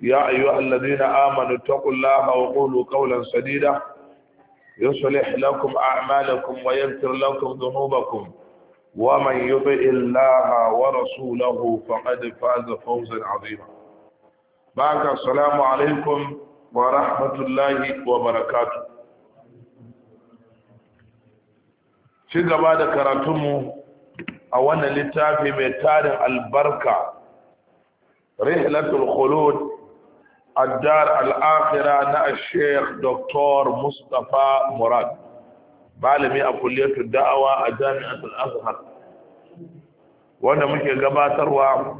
يا أيها الذين آمنوا اتقوا الله وقولوا قولا سديدا يصلح لكم أعمالكم ويغفر لكم ذنوبكم ومن يطع الله ورسوله فقد فاز فوزا عظيما بارك السلام عليكم ورحمة الله وبركاته في بعد كراتم أولا للتافي من تاريخ البركة رحلة الخلود الدار الآخرة نا الشيخ دكتور مصطفى مراد malami a kulliyar da'awa a jami'atul azhar wanda muke gabatarwa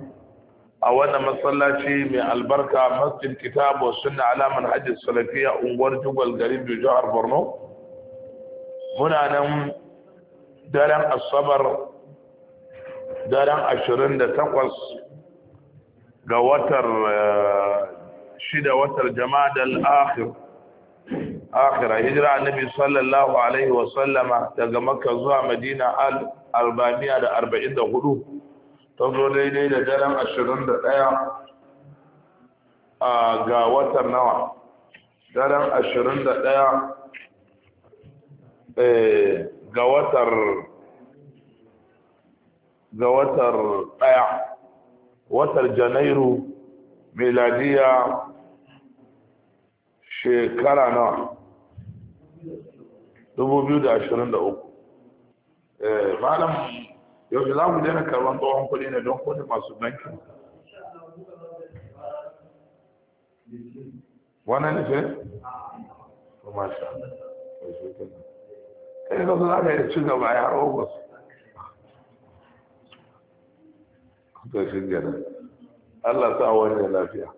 a wannan masallaci mai albarka masjid kitab wa sunna alaman hajji salafiya unguwar jugal garin jihar borno muna nan daren asabar daren 28 ga watar shida watar jama'adal akhir akhira hijira annabi sallallahu alaihi wa sallama daga makka zuwa madina al arba'miya da arba'in da hudu ta zo daidai da daren ashirin da ɗaya ga watan nawa daren ashirin da eh, ga watar ga watar ɗaya watar janairu miladiya shekara nawa 2023 eh, malam yau za mu daina karban tsohon kuɗi ne don kuɗi masu bankin wannan nufi? kuma sha kai kasu za ka yi ci gaba ya ogos ta shi gada allah sa wani lafiya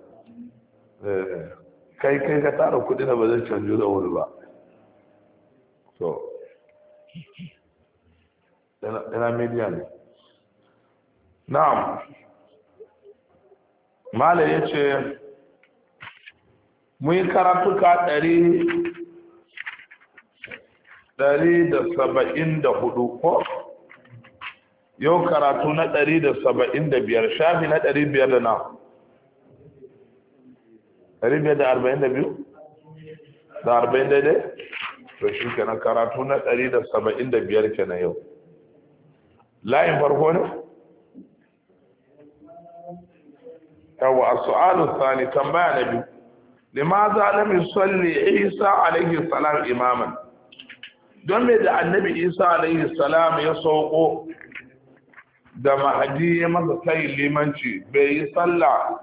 eh kai kai ka tara kudi na ba zai canju da wuri ba so yana media ne na'am mala ya ce mun karatuka ɗari ɗari da saba'in da hudu ko yau karatu na ɗari da saba'in da biyar shafi na ɗari biyar da na ɗari biyar da arba'in da biyu da arba'in daidai to shi kenan karatu na ɗari da saba'in da biyar kenan yau layin farko ne yawa a su'adu sani tambaya na biyu limaza lam yusalli isa alaihi salam imaman don me da annabi isa alaihi salam ya sauko da mahadi ya masa sayin limanci bai yi sallah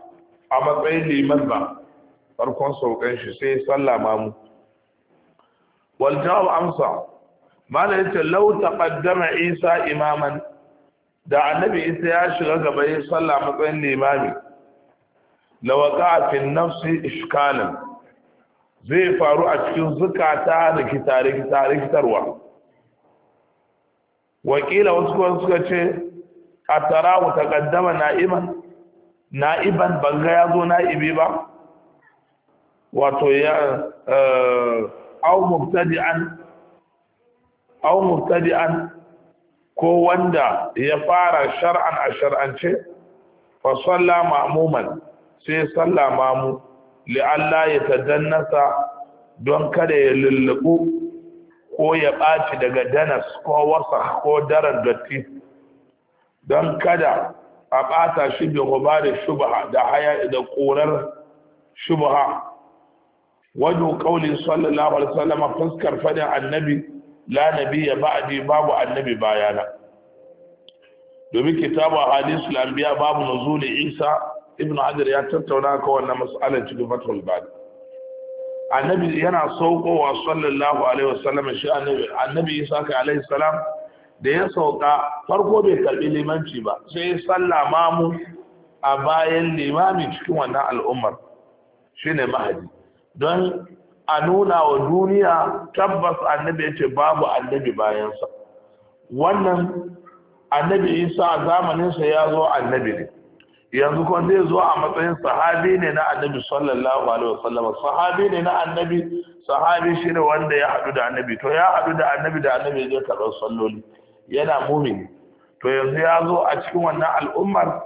a matsayin liman ba farkon saukan shi sai sallama mu wal jawab amsa mala yace law taqaddama isa imaman da annabi isa ya shiga gaba ya sallah matsayin limami lawaka fi nafsi ishkalan zai faru a cikin zukata kitare rikitarwa wakila wasu kuma suka ce a tarahu taqaddama na'iman na'iban banga ya zo na'ibi ba wato ya eh, au mubtadi'an au mubtadi'an ko wanda ya fara shar'an a shar'ance fa salla ma'muman sai salla mamu li'alla ya tadannasa don kada ya lullubu ko ya ɓaci daga danas ko wasa ko daren datti don kada a ɓata shi bi da shubaha da haya da ƙurar shubaha. wajen ƙaunin sallallahu alaihi wasallam fuskar fadin annabi la ya ba'di babu annabi bayana domin kitabu hadisul anbiya babu nuzul isa ibnu hajar ya tattauna ka wannan mas'alar cikin fatul bari annabi yana saukowa sallallahu alaihi wasallam shi annabi isa kai alaihi salam da ya sauka farko bai karbi limanci ba sai salla mu a bayan limami cikin wannan al'ummar shine mahadi don a nuna wa duniya tabbas annabi ya ce babu annabi bayansa wannan annabi isa a zamaninsa ya zo annabi ne yanzu kuma zai zo a matsayin sahabi ne na annabi sallallahu alaihi wasallam sahabi ne na annabi sahabi shi ne wanda ya haɗu da annabi to ya haɗu da annabi da annabi zai karɓar salloli yana mumini to yanzu ya zo a cikin wannan al'ummar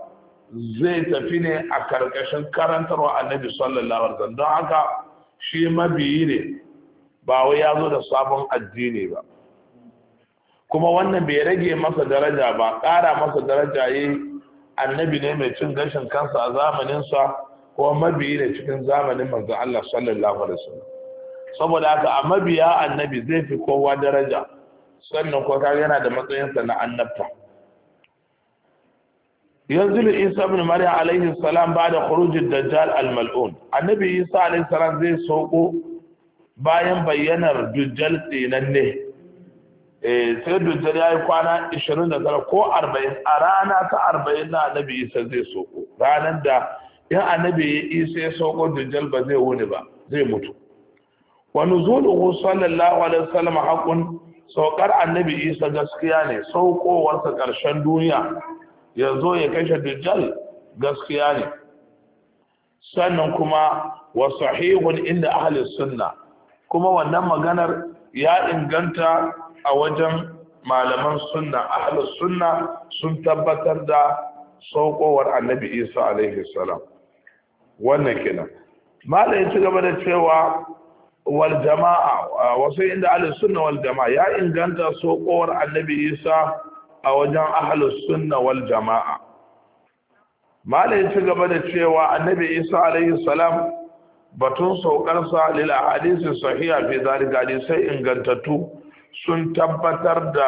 zai tafi ne a karkashin karantarwa annabi sallallahu alaihi wasallam don haka shi mabiyi ne ba wai ya zo da sabon addini ba kuma wannan bai rage masa daraja ba ƙara masa daraja yi annabi ne mai cin gashin kansa a zamaninsa ko mabiyi ne cikin zamanin manzo Allah sallallahu alaihi wasallam saboda haka a mabiya annabi zai fi kowa daraja sannan ko yana da matsayinsa na annabta yanzu isa bin maryam alaihi salam ba da khurujin dajjal al-mal'un annabi isa alaihi salam zai soko bayan bayyanar dajjal tsinanne eh sai dajjal yi kwana 29 ko 40 a rana ta 40 na annabi isa zai soko Ranar da yan annabi isa ya soko dajjal ba zai wuni ba zai mutu wa nuzuluhu sallallahu alaihi wasallam haqqun saukar annabi isa gaskiya ne saukowarsa ƙarshen duniya ya zo ya kashe dajjal gaskiya ne sannan kuma wa sahihun inda ahli sunna kuma wannan maganar ya inganta a wajen malaman sunna ahli sunna sun tabbatar da saukowar annabi isa alaihi salam wannan kenan malai ci gaba da cewa wal jama'a wasu inda ahli sunna wal jama'a ya inganta saukowar annabi isa a wajen ahlus sunna wal jama'a malai ci gaba da cewa annabi isa alaihi salam batun saukar sa lil ahadith sahiha fi zalika sai ingantattu sun tabbatar da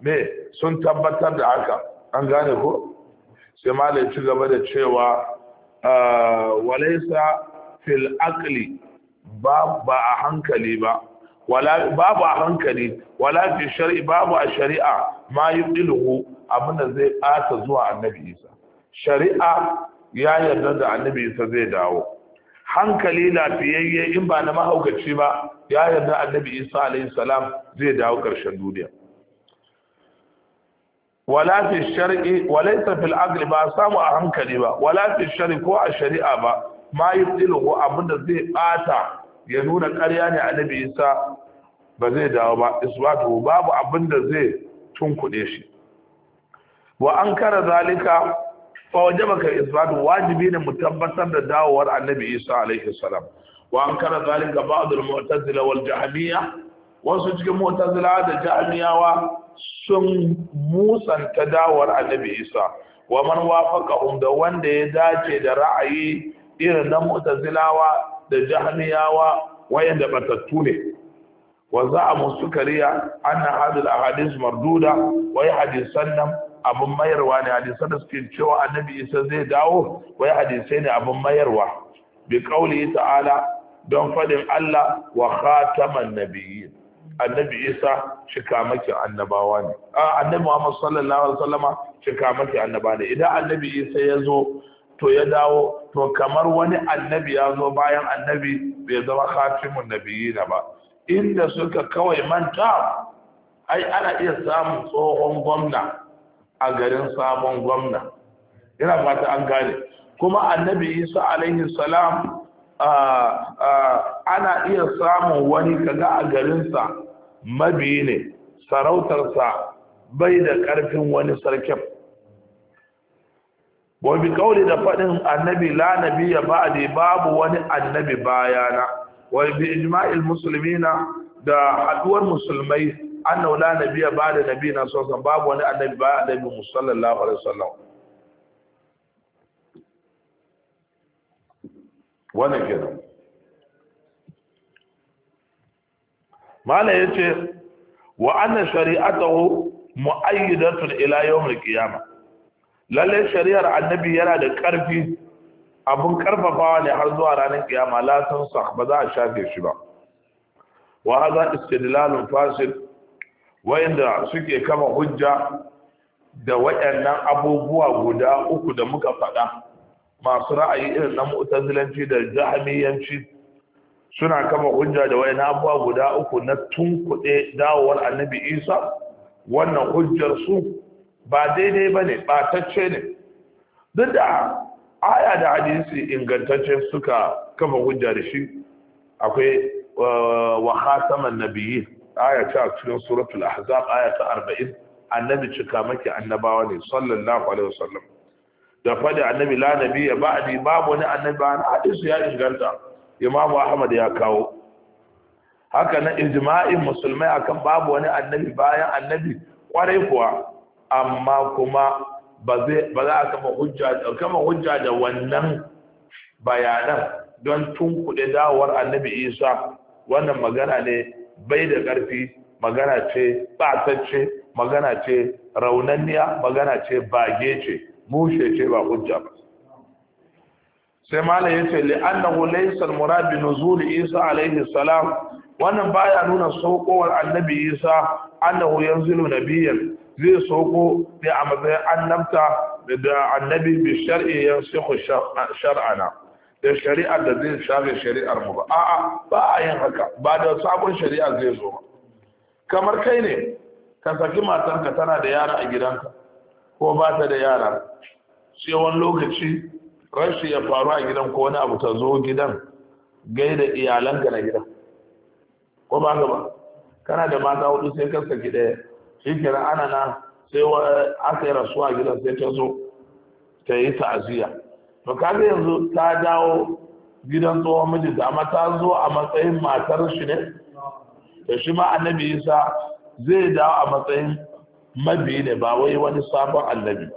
me sun tabbatar da haka an gane ko sai malai ci gaba da cewa ah, walaysa fil aqli ba ba a hankali ba wala babu a hankali wala fi shar'i babu a shari'a ma yubdiluhu abinda zai ɓata zuwa annabi isa shari'a ya yarda da annabi isa zai dawo hankali lafiyayye in ba na mahaukaci ba ya yarda annabi isa alayhi salam zai dawo ƙarshen duniya wala fi shar'i walaysa fil aqli ba samu a hankali ba wala fi shar'i ko a shari'a ba ma yubdiluhu abinda zai bata. ya nuna ƙarya ne a Nabi isa ba zai dawo ba isbatu babu abin da zai tunkuɗe shi wa an kara zalika fa wajaba ka isbatu wajibi ne mu tabbatar da dawowar annabi isa alaihi salam wa an kara zalika ba'd al mu'tazila wal jahmiya wasu cikin mu'tazila da jahmiyawa sun musanta dawowar annabi isa wa man wafaqahum da wanda ya dace da ra'ayi irin na mu'tazilawa da jahmiyawa wayanda batattu ne wa za'amu sukariya anna hadhihi al-ahadith marduda wa hadisan nan abun mayarwa ne hadisan da suke cewa annabi isa zai dawo wai hadisai ne abun mayarwa bi qauli ta'ala don fadin Allah wa khataman nabiyyin annabi isa shikamakin annabawa ne ah, annabi muhammad sallallahu alaihi wasallama shikamakin annabawa ne idan annabi isa ya zo to ya dawo to kamar wani annabi ya zo bayan annabi bai zama khatimun na ba inda suka kawai manta ai ana iya samun tsohon gwamna a garin sabon gwamna ina fata an gane kuma annabi isa alaihi salam ana iya samun wani kaga a garinsa mabiyi ne sarautarsa bai da ƙarfin wani sarkin wa bi kauli da fadin annabi la nabiyya ba'di babu wani annabi bayana wa bi ijma'il muslimina da haduwar musulmai annahu la nabiyya ba'da nabiyina sallallahu babu wani annabi ba da bi sallallahu alaihi wasallam wannan kenan mala yace wa anna shari'atuhu mu'ayyidatun ila yawmil qiyamah lalle shari'ar annabi yana da karfi abun karfafawa ne har zuwa ranar kiyama la tansa ba za a shafe shi ba wa hadha istidlalun fasid wayanda suke kama hujja da waɗannan abubuwa guda uku da muka faɗa masu ra'ayi irin na mu'tazilanci da jahmiyanci suna kama hujja da waɗannan abubuwa guda uku na tunkuɗe dawowar annabi Isa wannan hujjar su ba daidai ba ne batacce ne duk da aya da hadisi ingantacce suka kafa hujja da shi akwai uh, wa khataman nabiyyi aya ta cikin suratul ahzab aya ta 40 annabi cika maki annabawa ne sallallahu alaihi wasallam da fadi annabi la nabiyya ba'di babu wani annabi an hadisi ya inganta imamu ahmad ya kawo haka na ijma'in musulmai akan babu wani annabi bayan annabi kwarai kuwa amma kuma ba za a kama hujja da wannan bayanan don tun kuɗi dawowar annabi isa wannan magana ne bai da ƙarfi magana ce ɓatacce magana ce raunanniya magana ce bage ce mushe ce ba hujja ba sai malam ya ce li'annahu laysa murad isa alaihi salam wannan baya nuna saukowar annabi isa annahu yanzilu nabiyyan zai soko sai a matsayin annabta da annabi bi shar'i ya sihu shar'ana da shari'ar da zai shafe shari'ar mu ba a'a ba a yin haka ba da sabon shari'a zai zo ba kamar kai ne ka saki matanka tana da yara a gidanka ko ba ta da yara sai wani lokaci rashi ya faru a gidan ko wani abu ta zo gidan gaida iyalanka na gidan ko ba ka ba kana da mata hudu sai ka saki ɗaya shi kenan ana na sai aka yi rasuwa gidan sai ta zo ta yi ta'aziyya to kaga yanzu ta dawo gidan tsohon mijinta amma ta zo a matsayin matar shi ne da shi ma annabi isa zai dawo a matsayin mabi ne ba wai wani sabon annabi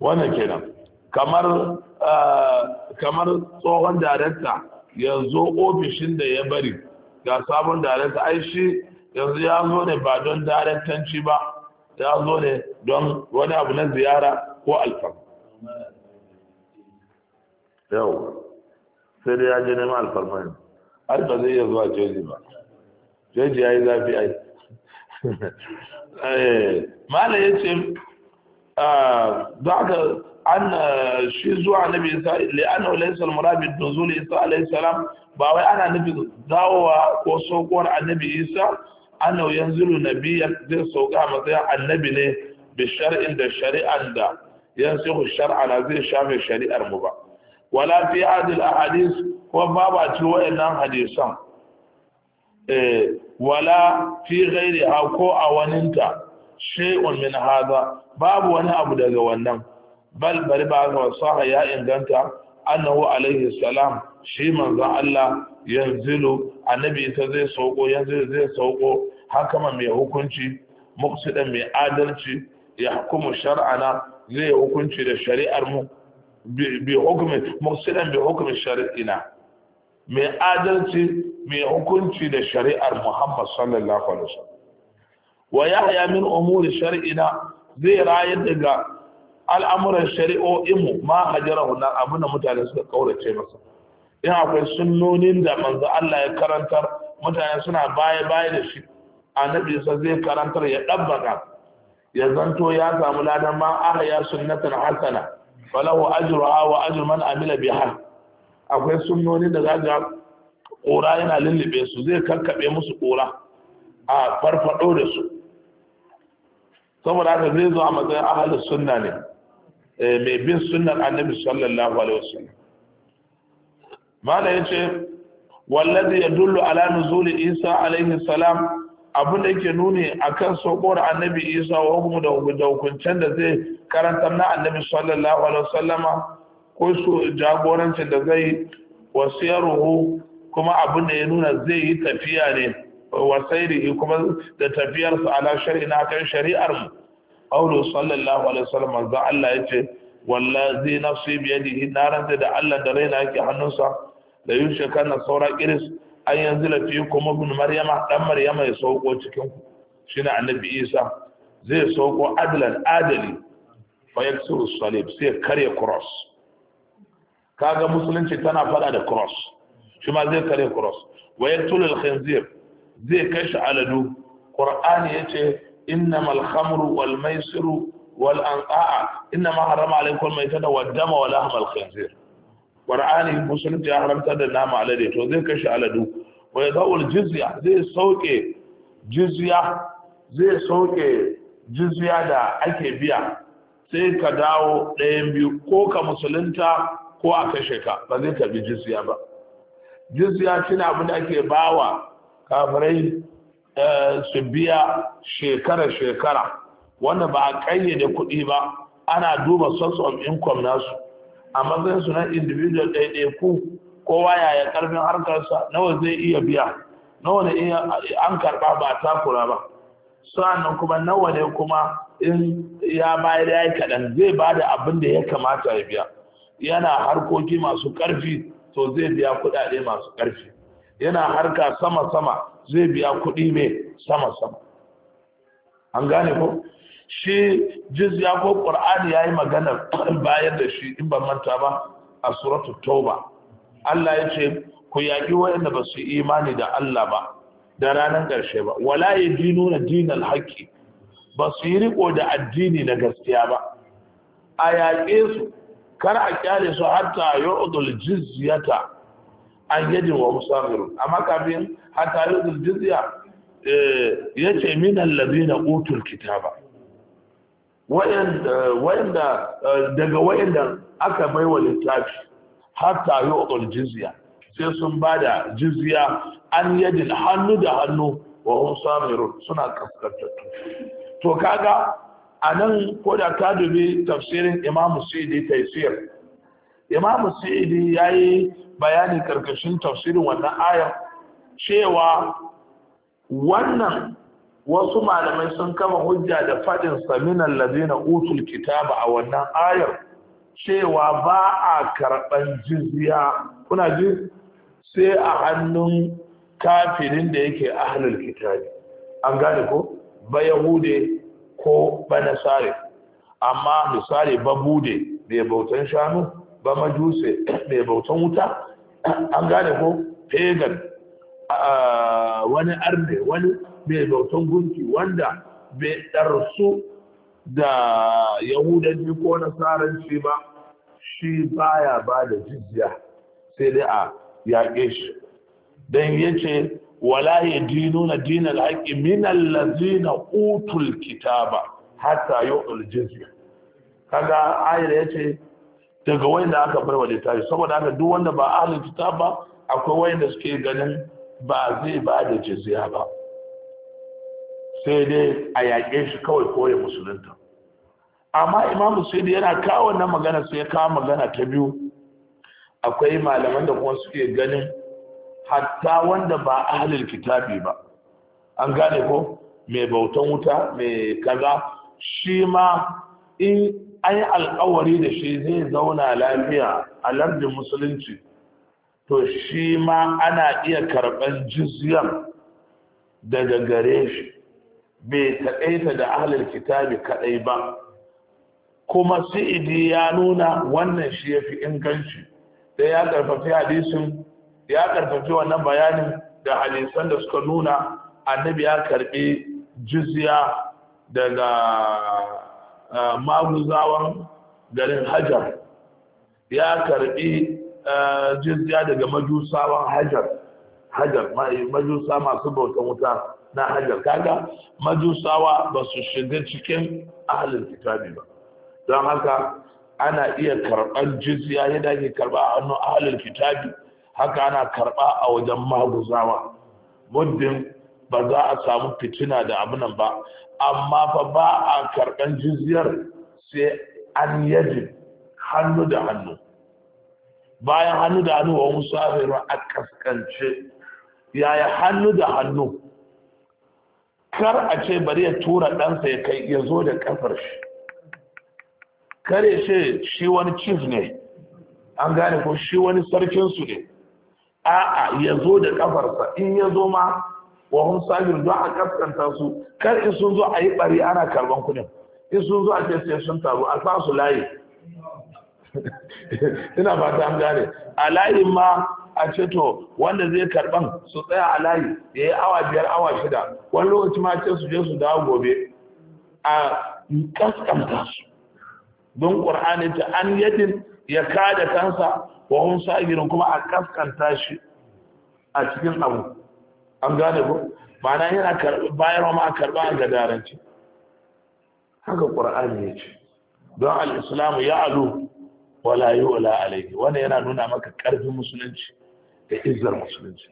wannan kenan kamar kamar tsohon darakta yanzu ofishin da ya bari ga sabon darekta ai shi yanzu ya zo ne ba don daraktanci ba ya zo ne don wani abu na ziyara ko alfam yau sai dai ya je nema alfarma ne har zai iya zuwa jeji ba jeji ya yi zafi ai eh, mala ya ce ah, za ka an shi zuwa bi isa li'anna laysa murabi murad bi isa alaihi salam ba wai ana nufin dawowa ko sokowar annabi isa ana yanzuru nabiyan zai sauka matsayin annabi ne bi shar'in da shari'an da yansihu shar'a na zai shafe shari'ar mu ba wala fi adil ahadis ko ba ba ci wayannan hadisan wala fi ghairi ha ko a waninta shay'un min hadha babu wani abu daga wannan bal bari ba ga saha ya inganta annahu alaihi salam shi manzo Allah yanzilu annabi isa zai sauko yanzu zai zai sauko hakama mai hukunci muqsidan mai adalci ya hukumu shar'ana zai hukunci da shari'ar mu bi hukumi muqsidan bi hukumi shari'ina mai adalci mai hukunci da shari'ar Muhammad sallallahu alaihi wasallam wa yahya min umuri shari'ina zai raye daga al'amuran shari'o'in mu ma hajjara hunan abin da mutane suka kaurace masa in akwai sunnonin da manzo Allah ya karantar mutane suna baya baya da shi annabi sa zai karantar ya dabbaka ya zanto ya samu ladan ma ahya sunnatan hasana falahu ajruha wa ajru man amila biha akwai sunnonin da zaga kora yana lullube su zai karkabe musu kora a farfado da su saboda haka zai zo a matsayin ahalin sunna ne eh, mai bin sunnar annabi sallallahu alaihi wasallam mala ce wallazi dullu ala nuzuli isa alaihi salam abin da yake nuni akan sokowar annabi isa wa hukumu da hukuncen da zai karanta na annabi sallallahu alaihi wasallama ko su jagorancin da zai wasiyaruhu kuma abin da ya nuna zai yi tafiya ne wasairi kuma da tafiyarsa ala shari'a na kan shari'ar mu sallallahu alaihi wasallam manzo Allah yace wallazi nafsi biyadihi naran da Allah da raina yake hannunsa da yushaka na saura iris an yanzu fi kuma ibn maryama dan maryama ya sauko cikin ku shine annabi isa zai sauko adlan adali fa yaksuru salib sai kare cross kaga musulunci tana fada da cross shi ma zai kare cross wa yaqtul al khinzir zai kashi aladu qur'ani yace innamal khamru wal maisiru wal anqa'a inna ma harama alaikum maitata wad dama wa lahmal khinzir qur'ani musulunci ya haramta da nama alade to zai kashe aladu wa yadawul jizya zai sauke jizya zai sauke jizya da ake biya sai ka dawo ɗayan biyu ko ka musulunta ko a kashe ka ba zai karbi jizya ba jizya shine abin da ake bawa kafirai eh, su biya shekara-shekara wanda ba a kayyade kuɗi ba ana duba source of income nasu a matsayin su na individual ɗaiɗaiku kowa yaya ƙarfin harkarsa nawa zai iya biya nawa ne an karɓa ba a takura ba sa'annan kuma nawa ne kuma in ya bayar ya yi kaɗan zai ba da abin da ya kamata ya biya yana harkoki masu ƙarfi to zai biya kuɗaɗe masu ƙarfi yana harka sama-sama zai biya kuɗi mai sama-sama an gane ko shi jiz ya ko qur'ani yayi magana bayar da shi in ban manta ba a suratul tauba Allah ya ce ku yaƙi wayanda ba su imani da Allah ba da ranar ƙarshe ba wala na dinal haqqi ba su yi riko da addini na gaskiya ba a yaƙe su kar a kyale su hatta yu'dul jizyata an yadin wa musafir amma kafin hatta yu'dul jizya eh, yace min alladhina utul kitaba wayanda eh, daga wayanda aka baiwa littafi har hatta wa jizya sai sun ba da jizya an yadin hannu da hannu wa hum samirun suna kaskantattu to kaga a nan koda ta dubi tafsirin Imam Sidi tafsir Imam Sidi yi bayani karkashin tafsirin wannan ayar cewa wannan wasu malamai sun kama hujja da faɗin saminan lazina utul kitaba a wannan ayar cewa ba a karɓan jizya kuna ji sai a hannun kafirin da yake ahlul kitabi an gane ko ba yahude ko ba nasare amma misali ba bude mai bautan shanu ba majuse mai bautan wuta an gane ko pagan wani arne wani mai bautan gunki wanda bai ɗarsu da yahudanci ko nasaranci ba shi baya ba da jizya sai dai a yaƙe shi don ya ce wala ya nuna na dinar haƙi minan lazina utul kitaba hatta yau jizya kaga ayar ya ce daga wanda aka bar wa littafi saboda haka duk wanda ba ahlul kita ba akwai wanda suke ganin ba zai ba da jizya ba sai dai a yaƙe shi kawai kore musulunta amma imam sai dai yana kawo wannan magana sai ya kawo magana ta biyu akwai malaman da kuma suke ganin hatta wanda ba a halin kitabi ba an gane ko mai bautan wuta mai kaza shi ma in an yi alkawari da shi zai zauna lafiya a lardin musulunci to shi ma ana iya karɓar jizyar daga gare shi bai taɗaita da ahalar kitabi kaɗai ba kuma sa'idi ya nuna wannan shi ya fi inganci Sai ya ƙarfafi hadisin ya ƙarfafi wannan bayanin da hadisan da suka nuna annabi ya karɓi jizya daga maguzawan garin hajar ya karɓi jizya daga majusawan hajar hajar majusa masu bautan wuta na hajar kaga majusawa ba su shiga cikin ahalin kitabi ba don haka ana iya karɓar jizya yadda ake karɓa a hannun ahalin kitabi haka ana karɓa a wajen maguzawa muddin ba za a samu fitina da abunan ba amma fa ba a karɓar jizyar sai an yajin hannu da hannu bayan hannu da hannu wa musafiru a kaskance yaya hannu da hannu kar a ce bari ya tura ɗansa ya kai ya zo da ƙasar shi kar ya ce shi wani chief ne an gane ko shi wani sarkinsu ne a'a ya zo da ƙafarsa in ya zo ma wa hun sabir don a kaskanta su kar in sun zo a yi bari ana karban kudin in sun zo a ce sai sun taru a sa su layi ina fata an gane a layin ma a ce to wanda zai karban su tsaya a layi ya yi awa biyar awa shida wani lokaci ma ce su je su dawo gobe a kaskanta su don ƙwar'ani ta an yadin ya kada kansa wa hun kuma a kaskanta shi a cikin abu an gane ko na yana ma a karɓa a gadaranci haka ƙwar'ani ya ce don al'islamu ya alu wala yi wala alaihi wanda yana nuna maka ƙarfin musulunci da izar musulunci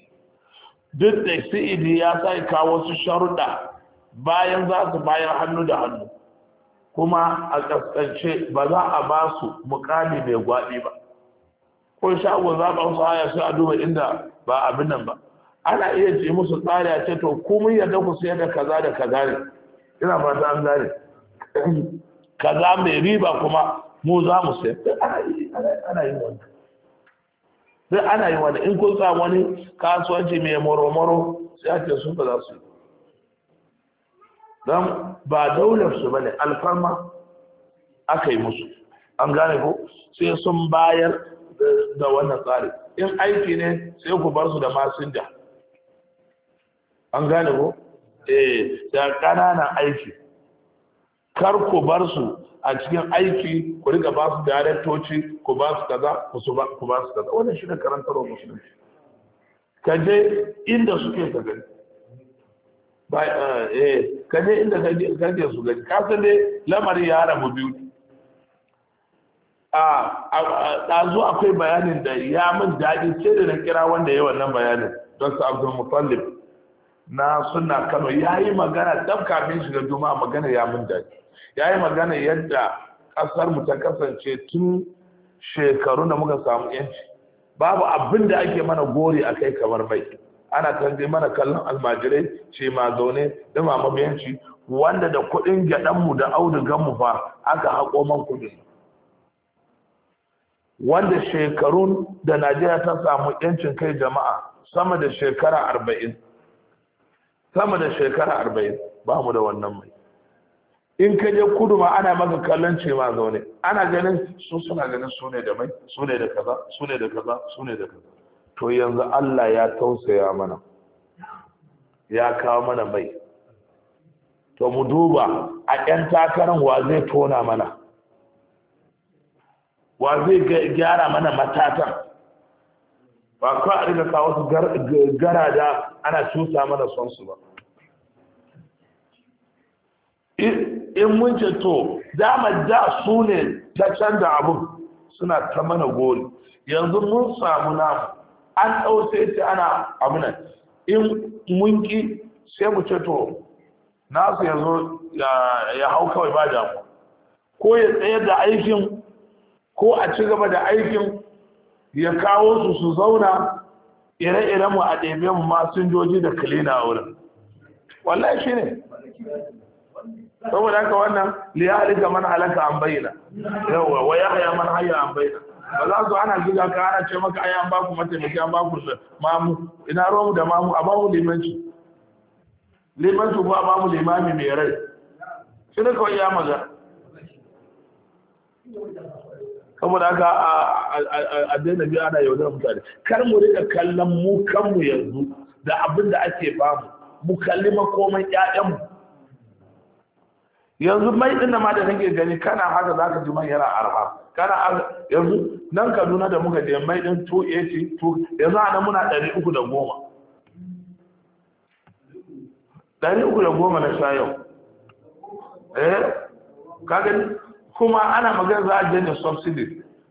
duk da sa'idi ya sai kawo su sharuɗa bayan za su bayar hannu da hannu kuma a ƙasƙance ba za a ba su mukami mai gwaɗi ba ko shago za ba su haya sai a duba inda ba abin nan ba ana iya ce musu tsari a ce to kuma yadda ku sayar da kaza da kaza ne ina fata an gane kaza mai riba kuma mu za mu sayar ana yi wanda Sai ana yi wani in kun samu wani kasuwanci mai moro-moro sai ake sun ba za su yi don ba daular su bane alfarma aka yi musu an gane ko sai sun bayar da wannan tsari in aiki ne sai ku bar su da masinja an gane ko eh da ƙananan aiki kar ku bar su a cikin aiki ku riga ba su daraktoci ku ba su kaza ku ba su kaza wannan shine ne karantarwa musulunci ka je inda suke ka gani ba eh, eh ka je inda ka je su gani ka san dai lamari ya rabu biyu a ɗazu akwai bayanin da ya min daɗi ce da na kira wanda ya wannan bayanin don su abdul mutallib na suna kano ya yi magana dab kafin shiga juma'a magana ya mun daji ya yi magana yadda ƙasarmu mu ta kasance tun shekaru da muka samu yanci babu abin da ake mana gori a kai kamar mai ana kan mana kallon almajirai ce ma zaune da yanci wanda da kuɗin gyaɗan mu da mu fa aka haƙo man kuɗin wanda shekarun da najeriya ta samu yancin kai jama'a sama da shekara arba'in sama da shekara arba'in ba mu da wannan mai in ka je kudu ma ana maka kallon ce ma zaune ana ganin su suna ganin su ne da mai su ne da kaza su ne da kaza su ne da kaza to yanzu Allah ya tausaya mana ya kawo mana mai to mu duba a ƴan takarar wa zai tona mana wa zai gyara mana matatan ba ko a rika kawo su garada ana cusa mana son su ba in mun ce to dama da su ne ta canza abu suna ta mana gori yanzu mun samu namu an ɗauce ce ana nan. in mun ki sai mu ce to nasu yanzu ya hau kawai ba damu ko ya tsayar da aikin ko a ci gaba da aikin ya kawo su su zauna ire-iren mu a ɗebe mu masinjoji da kalina a wurin wallahi shi ne saboda haka wannan alika man halaka an bayyana yawa wa haya man hayya an bayyana ba za su ana zuga ka ana ce maka aya an baku mataimaki an baku mamu ina romu da mamu a bamu limanci limanci ba bamu limami mai rai shi ne kawai ya maza saboda haka a daina biyu ana yau da mutane kar mu rika kallon mu kanmu yanzu da abin da ake bamu mu kalli makoman ƴaƴanmu yanzu mai din ma da nake gani kana haka za ka ji man yana arha kana yanzu nan Kaduna da muka je mai din 282 yanzu ana muna 310 310 na sha yau eh ka gani kuma ana magana za a janye subsidy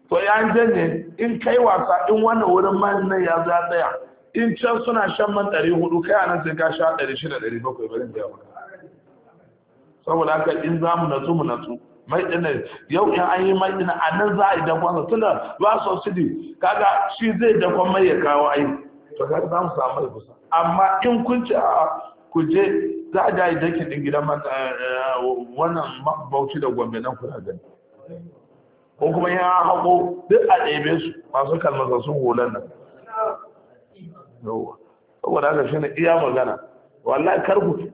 to ya janye in kai wasa in wannan wurin man nan ya za tsaya in can suna shan man ɗari hudu kai anan sai ka sha ɗari shida ɗari bakwai bari da yawa saboda haka in za mu natsu mu natsu mai ɗina yau in an yi mai ɗina a nan za a yi dakon sa tunda ba subsidy kaga shi zai dakon mai ya kawo ai to kaga za mu samu mai kusa amma in kun ci a ku je za a jayi dakin din gidan eh, wannan bauchi da gombe nan kuna gani ko kuma ya hako duk a ɗebe su masu kalmasa sun hulan nan saboda haka shi ne iya magana wallahi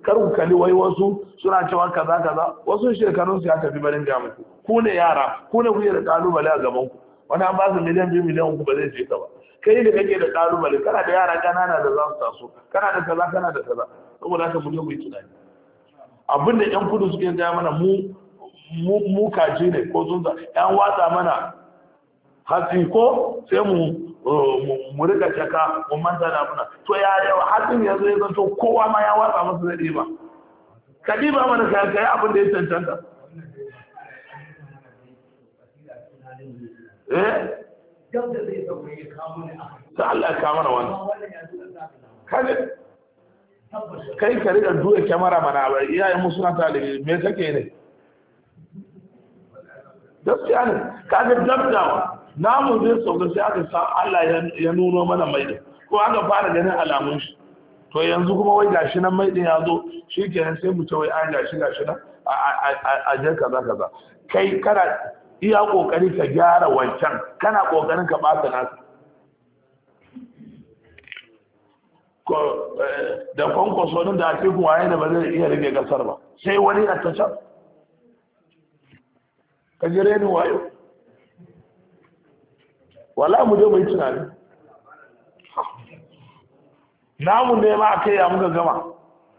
kar ku kali wai wasu suna cewa kaza kaza wasu shekarun su ya tafi barin ga muku ku ne yara ku ne kuke da kalubale a gaban ku wani an ba su miliyan biyu miliyan uku ba zai je ka ba kai da kake da kalubale kana da yara kanana da za su taso kana da kaza kana da kaza saboda haka mun je mu yi tunani abinda yan kudu suke gaya mana mu mu kaji ne ko tsunza yan watsa mana hatsi ko sai mu mu rika shaka mu manta da abuna to ya yawa hatsin ya zo ya zanto kowa ma ya watsa masa zai ba ka ba mana kayan kayan abin da ya cancanta eh ta Allah ya na wani kaje kai ka riga duya kyamara mana ba iyayen mu suna talibi me take ne gaskiya ne ka ga dabdawa namun zai sauka sai aka sa Allah ya nuno mana mai da ko aka fara ganin alamun shi to yanzu kuma wai gashi nan mai din ya zo shi kenan sai mu ce wai an gashi gashi nan a je kaza kaza kai kana iya kokari ka gyara wancan kana kokarin ka bata nasa. Eh, da kwankwaso din da ake kuma yana ba zai iya rage kasar ba sai wani a tashar ka ji ni wayo wala mu je mai tunani namu ne ma kai ya muka gama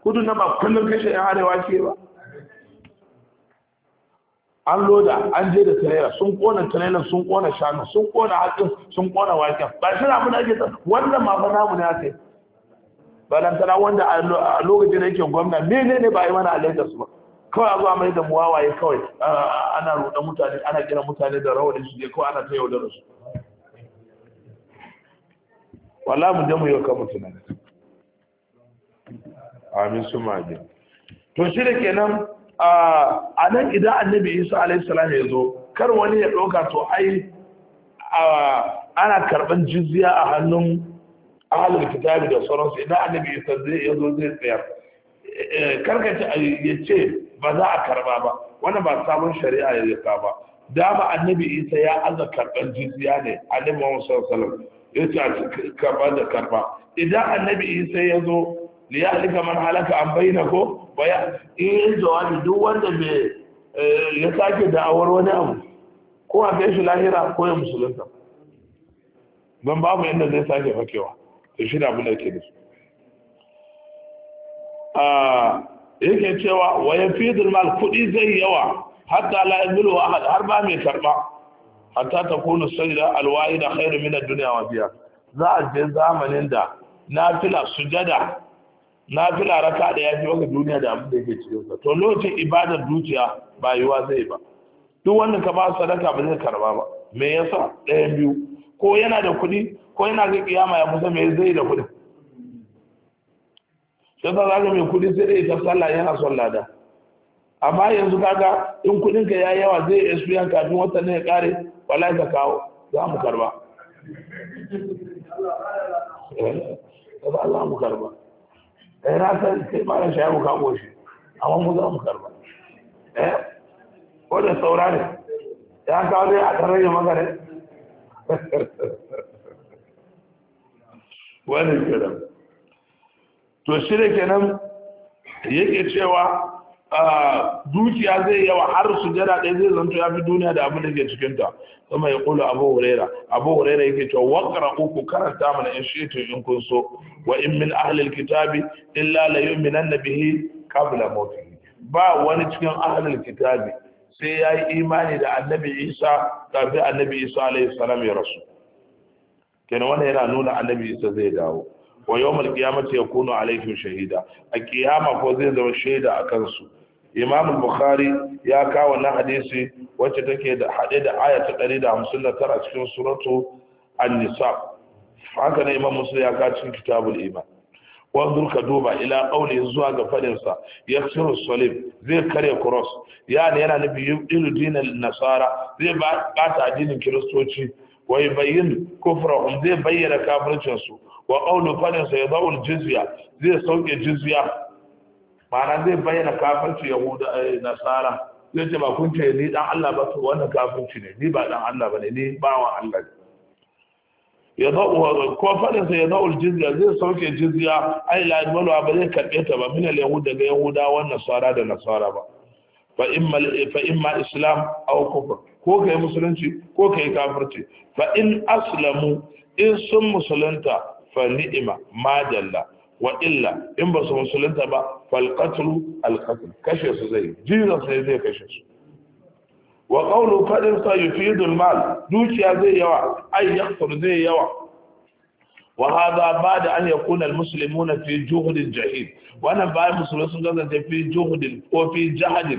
kudu na ba kullum kashe yan arewa ke ba an loda an je da tirela sun kona tarayya sun kona shanu sun kona hatsin sun kona waken ba shi na muna ake wannan ma fa namu ne aka balantana wanda a lokacin da yake gwamna mene ne ba a yi mana alaikar su ba kawai a zuwa mai da mu kawai ana ruɗa mutane ana gina mutane da rawar su je kawai ana ta yau da su wala mu je mu yau kan mutum amin su je to shi da kenan a nan idan annabi isa alaihi salam ya zo kar wani ya ɗauka to ai ana karɓar jizya a hannun ahalul kitabi da sauransu idan annabi isa zai ya zo zai tsayar eh, karkace eh, ya ce ba za a karba ba wannan ba sabon shari'a ya yi ba dama annabi isa ya aza karban jizya ne annabi muhammad sallallahu salam ya ce a karba da karba idan annabi isa ya zo li ya halika man halaka an bayyana ko baya in jawabi duk wanda bai eh, ya sake da'awar wani abu ko a kai shi lahira ko ya musulunta ban babu inda zai sake fakewa da shi da abin da yake da su yake cewa wa ya fi kuɗi zai yawa hatta la yamilu ahad har ba mai karba hatta ta kunu da alwahida khairu min ad-dunya wa biya za a je zamanin da nafila sujada nafila raka da yafi maka duniya da abin da yake cikin sa to lokacin ibadar dukiya ba yiwa zai ba duk wanda ka ba sadaka ba zai karba ba me yasa ɗayan biyu ko yana da kuɗi ko yana ga kiyama ya kusa mai zai da kudin shi yasa zaga mai kudi sai dai ita sallah yana son lada amma yanzu kaga in kudin ka yayi yawa zai expire kafin watan ya kare wallahi ka kawo za mu karba ba eh, za mu karba kai eh, na san sai ma rashin yaro kago shi amma mu za mu karba eh ko da saura ne ya kawo dai a tarayyar magana Wani kenan to shi da kenan yake cewa dukiya zai yawa har su ɗaya zai zanto ya fi duniya da abin da ke cikinta kuma ya kula abu huraira abu huraira yake cewa wakara uku karanta mana in shi in kun so wa in min ahalil kitabi illa la yu'minan bihi qabla mawtihi ba wani cikin ahalil kitabi sai yayi imani da annabi Isa kafin annabi Isa alaihi salam ya rasu kenan wannan yana nuna annabi isa zai dawo wa yawmal ya yakunu alaihim shahida a kiyama ko zai zama shaida a kansu imam bukhari ya kawo wannan hadisi wacce take da hade da ayatu 159 a cikin suratu an-nisa haka ne imam musa ya kawo cikin kitabul iman wanzur ka duba ila kauli zuwa ga fadinsa ya siru salim zai kare cross yana yana nabi yudinu dinan nasara zai bata addinin kiristoci Wai wa yubayyin kufrahum zai bayyana kafircin su wa qawlu fadin sa yadau aljizya zai sauke jizya ma'ana zai bayyana kafirci yahuda eh, nasara zai ce ba kun ce ni dan Allah ba to wannan kafirci ne ni ba dan Allah bane ni bawan Allah ne ya za'u ko faɗinsa ya za'u jizya zai sauke jizya ai la yadmalu ba zai karɓe ta ba min al-yahud daga yahuda wannan nasara da nasara ba fa imma fa imma islam aw kufr ko kai musulunci ko kai kafirci fa in aslamu in sun musulunta fa ni'ima madalla wa illa in ba su musulunta ba fal qatlu al qatl kashe su zai jira sai zai kashe su wa qawlu fadin sa yufidu al mal dukiya zai yawa ay yaqtul zai yawa wa ba ba'da an yakuna al muslimuna fi juhd al jahid wannan bayan musulmai sun gazanta fi juhd ko fi jahad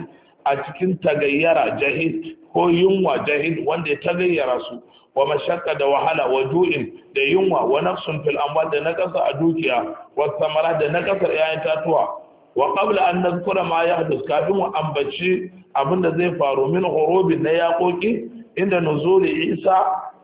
a cikin tagayyara jahid ko yunwa jahil wanda ya tagayyara su wa mashakka da wahala wa du'in da yunwa wa nafsun fil amwal da nakasa a dukiya wa samara da nakasar 'ya'yan tatuwa wa qabla an nadhkura ma yahdus kafin mu ambaci abin da zai faru min horobin na yaƙoƙi inda nuzuli isa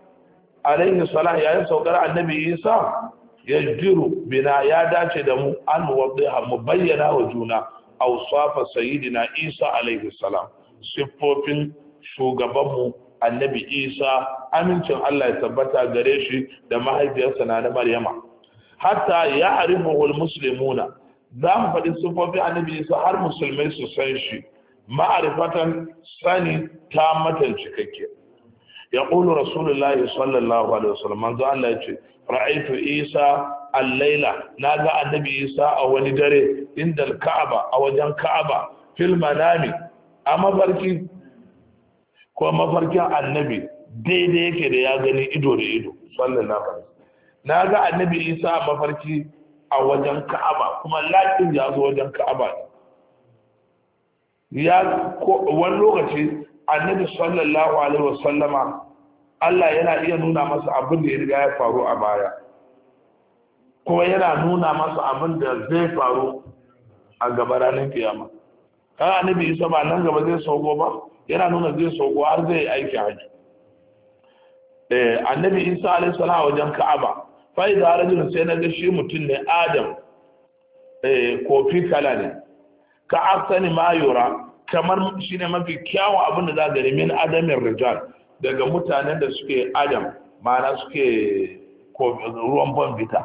alaihi salam yayin saukar annabi isa ya jiru. bina ya dace da mu an wadda mu bayyana wa juna awsafa sayyidina isa alaihi salam siffofin shugabanmu annabi isa amincin allah ya tabbata gare shi da mahaifiyarsa na na maryama hatta ya arifuhul muslimuna za mu faɗi siffofi annabi isa har musulmai su san shi ma'arifatan sani ta matan cikakke ya ƙulu rasulullahi sallallahu alaihi wasallam manzo allah ya ce ra'aitu isa al-laila na ga annabi isa a wani dare inda al-ka'aba a wajen ka'aba fil manami a mafarki ko mafarkin annabi daidai yake da ya gani ido da ido sallallahu alaihi na ga annabi isa a mafarki a wajen ka'aba kuma lakin ya zo wajen ka'aba ya wani lokaci annabi sallallahu alaihi wasallama Allah yana iya nuna masa abin da ya riga ya faru a baya kuma yana nuna masa abin da zai faru a gaba ranar kiyama ka annabi isa ba nan gaba zai sauko ba yana nuna zai sauko har zai aiki haji eh, annabi isa alaihi salam wajen ka'aba fa idza sai na ga shi mutum ne adam eh, kofi kala ne ka asani ma yura kamar ne mafi kyawun abin da za ga min adamin rijal daga mutanen da suke adam ma'ana suke ruwan bambita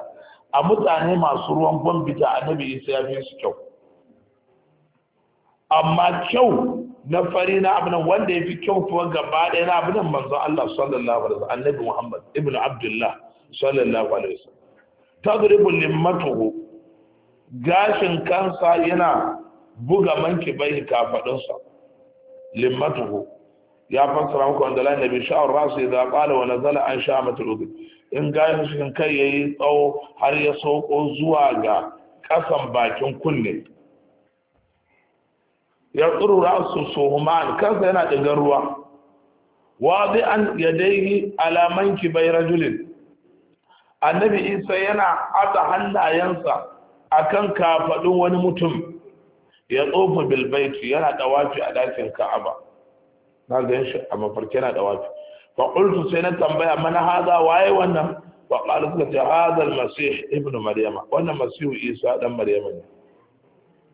a mutane masu ruwan bambita annabi isa ya fi su kyau amma kyau na fari na abin wanda ya fi kyau kuwa gaba da na abin manzon Allah sallallahu alaihi wasallam annabi Muhammad ibnu Abdullah sallallahu alaihi wasallam tadribu limmatuhu gashin kansa yana buga manki bai kafadin sa limmatuhu ya fassara muku wanda lai nabi sha'ar rasu idan qala wa nazala an mata udhun in gashin kai yayi tsawo har ya sauko zuwa ga kasan bakin kunne ya tsuru rasu suhuman kansa yana ɗigar ruwa wadi an yadaihi alaman kibai rajulin annabi isa yana ata hannayensa akan kafaɗin wani mutum ya tsofa bilbaiti yana ɗawafi a ɗakin ka'aba na ga shi a mafarki yana ɗawafi fa qultu sai na tambaya mana haza waye wannan fa qala suka ce haza al-masih ibnu maryama wannan masihu isa dan maryama ne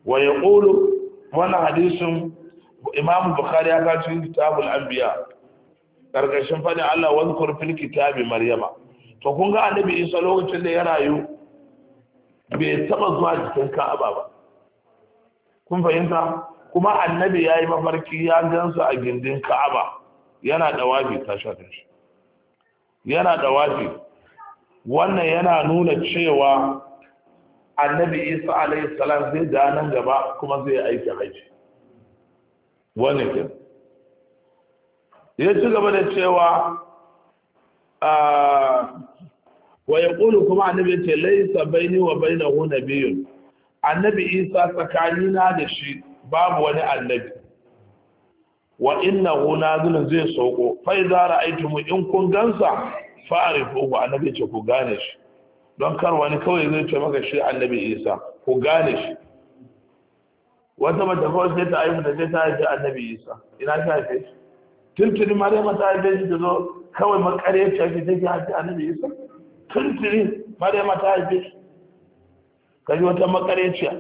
wa yaqulu wannan hadisin imamu bukhari ya kaci yin kitabul anbiya karkashin faɗin Allah wani kurfin kitabi maryama to kun ga annabi Isa lokacin da ya rayu bai taɓa zuwa jikin Ka'aba ba kun fahimta kuma annabi ya yi mafarki ya su a gindin Ka'aba yana dawafi tasha shi yana wafi. wannan yana nuna cewa annabi isa alaihi salam zai da nan gaba kuma zai aiki haji wannan ke ya ci gaba da cewa ah, wa ya kuma annabi ce laisa baini wa hu nabiyun annabi isa tsakanina da shi babu wani annabi wa inna nazilun zai sauko fa aiki mu in kun gansa arifu annabi ce ku gane shi don kar wani kawai zai ce maka shi annabi isa ku gane shi wata mata kawai sai ta aiki da sai ta aiki annabi isa ina ta haife shi tuntuni maryama ta haife shi ta zo kawai makaryaciya ce take haifi annabi isa tuntuni maryama ta haife shi yi wata ce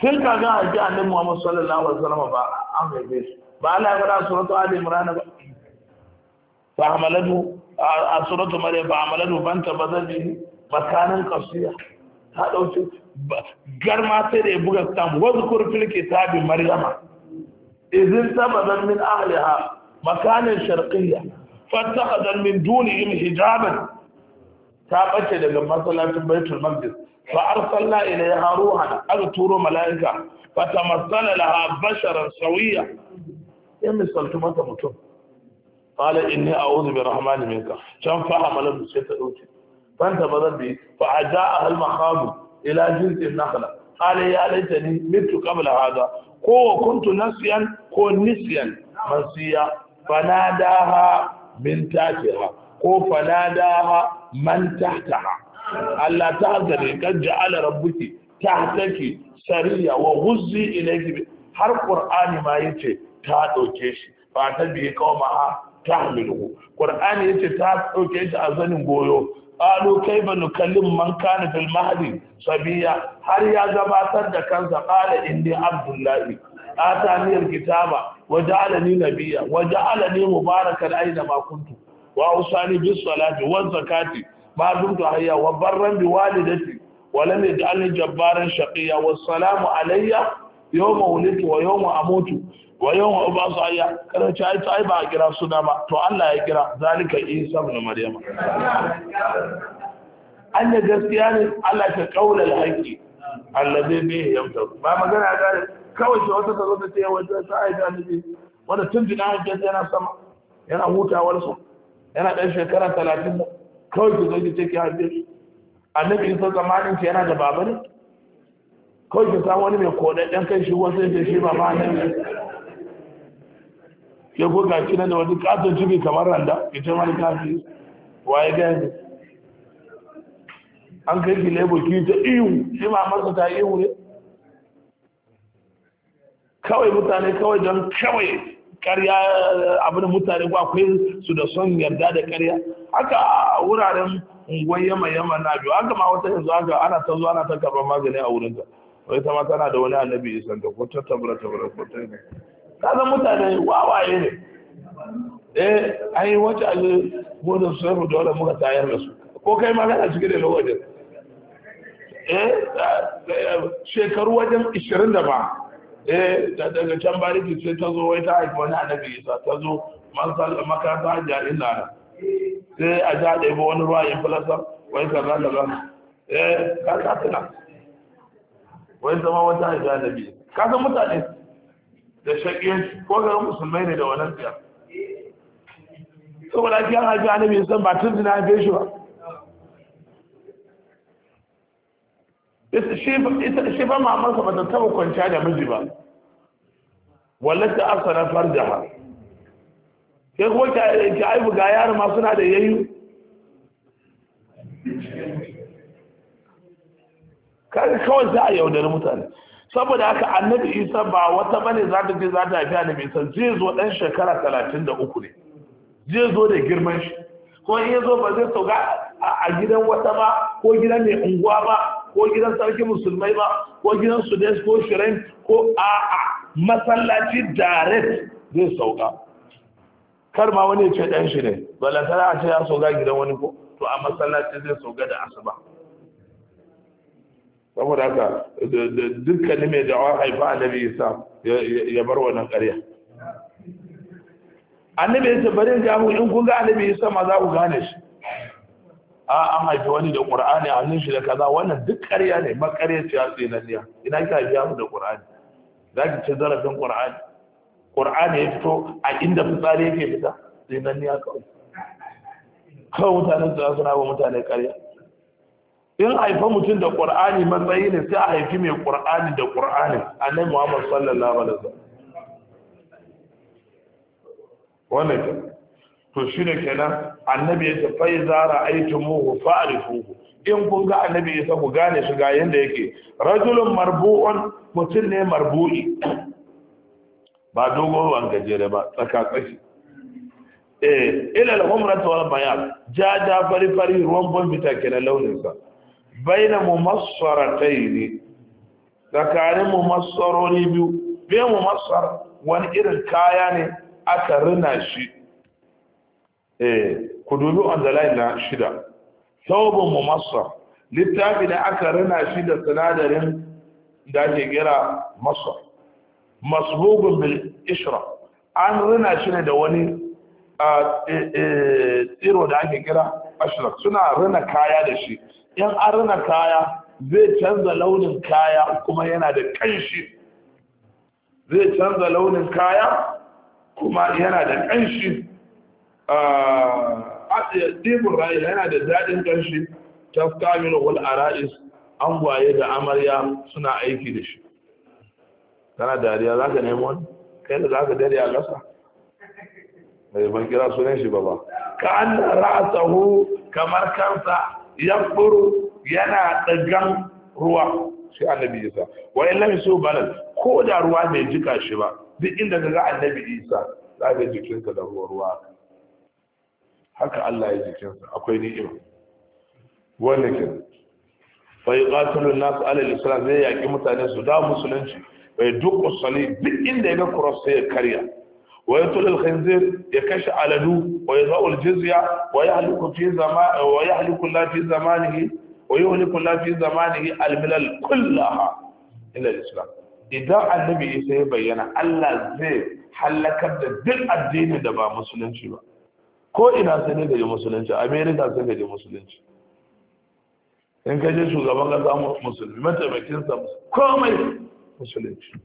tun ga haifi annabi muhammad sallallahu alaihi wasallam ba an haife shi ba ala ya fara suratu ali imran ba fa hamalatu a suratu mare ba amalan banta bazali makanin qasiya ta dauke garma sai da ya buga sam wasu kurfil kitabin maryama izin tabazan min ahliha makanin sharqiyya fattakhadha min dunihim hijaban ta bace daga masallacin baitul maqdis fa arsalna ilayha ruhana aka turo mala'ika fa tamassala laha basharan sawiya ya misaltu mata mutum qala inni a'udhu bi rahmani minka can fa hamalan sai ta dauke ban da bazan bi fa ajaa al makhadu ila jinsi nakhla qala ya laitani mitu qabla hada ko kuntu nasiyan ko nisyan mansiya fanadaha min tatiha ko fanadaha man tahtaha Allah ta hazari kan ja'ala rabbuki tahtaki sariya wa huzzi ilayki har qur'ani ma yace ta dauke shi Ba ta bi qauma tahmiluhu qur'ani yace ta dauke shi a zanin goyo qalu kayfa nukallim man kana fil mahdi sabiya har ya gabatar da kansa ƙara inni abdullahi atani alkitaba Waje alani nabiya wa ja'alani mubarakan aina makuntu wa usani bis salati wa zakati ma dumtu hayya wa barran bi walidati wa lam yaj'alni jabbaran shaqiya wa salamu alayya yawma wulidtu wa yawma amutu wa yau ba su ayya kada ci ai ai ba a kira suna ba to Allah ya kira zalika isa ibn maryam an da gaskiya ne Allah ta kaula alhaqi allazi bi yamta ba magana ga kawai shi wata tazo ta ce wata ta ai da ni wanda tun jina hajjar yana sama yana hutawar su yana dan shekara 30 kawai ki zo ki ce ki hajjar annabi sai zamanin ki yana da baba ne kawai ki samu wani mai kodadden kai shi wasu ya shi ba ma annabi ke ko ga kina da wani katon jibi kamar randa ita mani kafi waye ne an kai ki lebo ki ta iyu shi mamarsa ta iyu ne kawai mutane kawai don kawai karya abin mutane ko akwai su da son yarda da karya haka wuraren unguwar yama yama na biyu haka ma wata yanzu haka ana ta zuwa ana ta karɓar magani a wurinta wai ta ma tana da wani annabi isan da ko ta tabra ko ta kasan mutane wawaye ne eh ai wacce a yi bodin su dole muka tayar da su ko kai ma kana cike da lokaci eh shekaru wajen 20 da ba eh daga can bariki sai ta zo wai ta haifi wani annabi isa ta zo makaranta hajjar ina sai a ja ba wani ruwa ya filasa wai kaza da ba eh ka ka tuna wai zama wata hajjar annabi ka san mutane da shaƙiyanci ko ga musulmai ne da wannan tsiya saboda kiyar hajji annabi san ba tun zina ya shi ba shi ba mamansa ba ta taba kwanciya da miji ba wallata asara farjaha sai kuma ki aibu ga yaro ma suna da yayu kawai za a yaudari mutane saboda haka annabi isa ba wata bane za ta je za ta haifi annabi isa zai zo dan shekara talatin da uku ne zai zo da girman shi ko in ya zo ba zai sauka a gidan wata ba ko gidan mai unguwa ba ko gidan sarki musulmai ba ko gidan sudes ko shirin ko a masallaci direct zai sauka kar ma wani ya ce dan shi ne balantana a ce ya sauka gidan wani ko to a masallaci zai sauka da asuba saboda haka dukkanin mai dawa haifa annabi isa ya bar wannan ƙarya annabi isa bari ga mu in kun ga annabi isa ma za ku gane shi a an haifi wani da qur'ani a hannun shi da kaza wannan duk ƙarya ne a tsinaniya ina ki haifi mu da qur'ani za ki ce zarafin qur'ani qur'ani ya fito a inda fitsari yake fita tsinaniya kawai kawai mutanen su suna ba mutane ƙarya in haifa mutum da ƙur'ani matsayi ne sai a haifi mai ƙur'ani da ƙur'ani nai muhammad sallallahu alaihi wasallam wannan ke to shi ne kenan annabi ya ce fai zara aitumuhu fa'rifuhu in kun ga annabi ya ku gane shi ga yanda yake rajulun marbu'un mutum ne marbu'i ba dogon wan gajere ba tsaka tsaki eh ila al-humrat wal bayan ja ja fari fari ruwan bombita kenan launin sa baina ne tsakanin mumassaroni biyu me mumassar wani irin kaya ne aka rina shi eh ku dubi on na shida thawbun mumassar littafi da aka rina shi da sinadarin da ake kira masar masbugun bil ishra an rina shi ne da wani ah, eh, eh, tsiro da ake kira ashrak suna rina kaya da shi in arna kaya zai canza launin kaya kuma yana da kanshi zai canza launin kaya kuma yana da kanshi ɗibin ah, rayu yana da daɗin kanshi ta kamilu wal ara'is an gwaye da amarya suna aiki da shi kana dariya za ka nemo wani kai da za ka dariya ƙasa mai eh, ban kira sunan shi ba ba ka an ra'asahu kamar kansa yaqburu yana dagan ruwa shi annabi isa wa in lam yusu balal ko da ruwa bai jika shi ba duk inda ka ga annabi isa za ka jikinsa da ruwa ruwa haka Allah ya jikinsa akwai ni'ima wannan kenan fa yuqatilu an-nas ala al-islam zai yaki mutane su da musulunci bai duk usali duk inda ya ga cross sai ya karya ويطل الخنزير يكش على علنو ويضع الجزية ويحلق في زمان ويحلق الله في زمانه ويهلك الله في زمانه الملل كلها إلى الإسلام إذا النبي إيسا بينا الله زي حلق da الدين دبا مسلم شبا ko ina sai ne gaji musulunci america sai gaji musulunci in kaje shugaban kasa musulmi mataimakinsa komai musulunci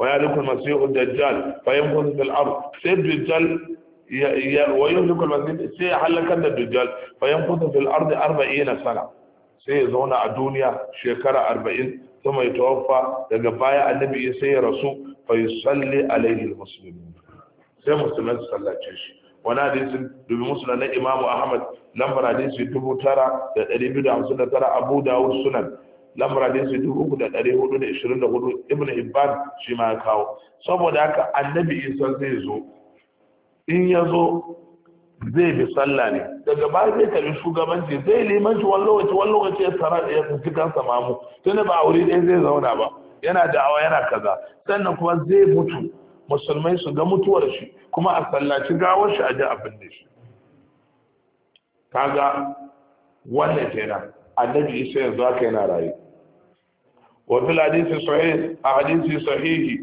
ويهلك المسيح الدجال فينفذ في الأرض سيد الدجال ويهلك المسيح سي حلك الدجال فينفذ في الأرض أربعين سنة سي زون الدنيا شكرا أربعين ثم يتوفى لقبايا النبي سي رسول فيصلي عليه المسلمون سي مسلمين صلى تشي wani hadisin domin musulun na imamu ahmad lambar hadisi dubu tara da ɗari biyu da hamsin da tara abu dawud sunan lambar su dubu uku da ɗari hudu da ishirin da hudu ibn hibban shi ma ya kawo saboda haka annabi isa zai zo in ya zo zai bi sallah ne daga ba zai karbi shugabanci zai limanci wani lokaci wani lokaci ya tsara ya tafi kansa mamu tunda ba a wuri ɗaya zai zauna ba yana da'awa yana kaza sannan kuma zai mutu musulmai su ga mutuwar shi kuma a sallaci gawar shi a ji abin da shi kaga wannan kenan annabi isa yanzu haka yana raye wa fil hadisi sahih a hadisi sahihi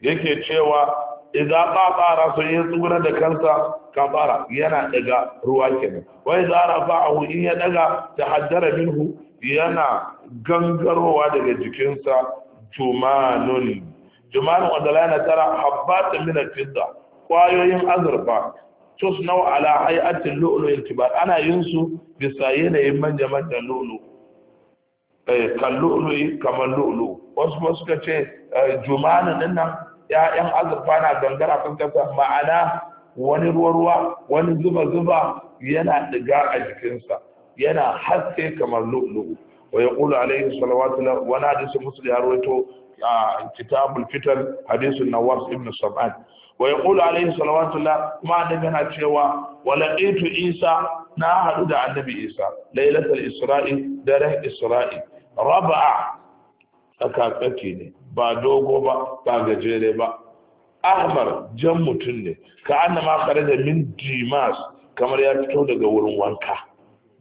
yake cewa idza qatara sun yi tsugura da kansa kabara yana daga ruwa kenan wa idza rafa'ahu in ya daga haddara minhu yana gangarowa daga jikinsa tumanun jumanun wanda la yana tara habbatun min al-fidda kwayoyin azurfa tusnau ala hay'atin lu'lu'il kibar ana yin su bisa yanayin manja manja lu'lu eh kan lu'lu'i kamar lu'lu wasu ba suka ce eh, jumanu dinnan nan ya'yan azurfa na gangara kan kasa ma'ana wani ruwa ruwa wani zuba zuba yana diga a jikinsa yana haske kamar lu'lu'u wa yaqulu alayhi salawatu wa nadi muslim ya rawaito kitabul fitan hadisun nawas ibn sab'an wa yaqulu alaihi la kuma annabi yana cewa wala laqitu isa na haɗu da annabi isa lailatar isra'i dare isra'i raba'a tsakatsaki ne ba dogo ba ba gajere ba ahmar jan mutum ne ka kare da min dimas kamar ya fito daga wurin wanka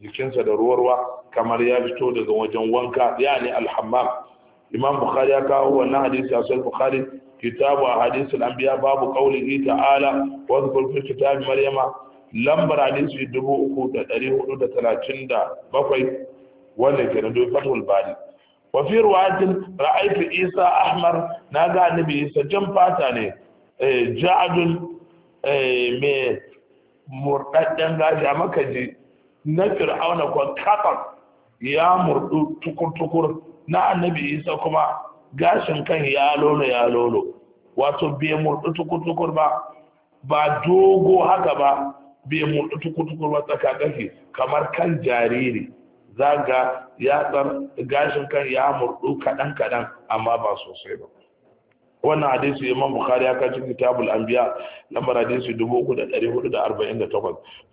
jikinsa da ruwarwa kamar ya fito daga wajen wanka ne alhammam imam bukhari ya kawo wannan hadisi a sahih kitabu a hadisul anbiya babu qaulihi ta'ala wa zikr fil maryama lambar hadisi dubu uku da ɗari hudu da talatin da bakwai wanda ke nado fatul bari wa fi ruwatin ra'aytu isa ahmar na ga annabi isa jan fata ne eh, ja'adun eh, me murɗaɗɗen gashi a makaji na fir'auna kwan kafar ya murɗu tukur-tukur na annabi isa kuma gashin kan ya lolo ya lolo wato bai murɗu tukur ba ba dogo haka ba bai murɗu tukur ba tsaka gashi kamar kan jariri za ga yatsar gashin kan ya murɗu kaɗan kaɗan amma ba sosai ba wannan hadisi imam bukhari ya cikin kitabul anbiya lambar hadisi 3448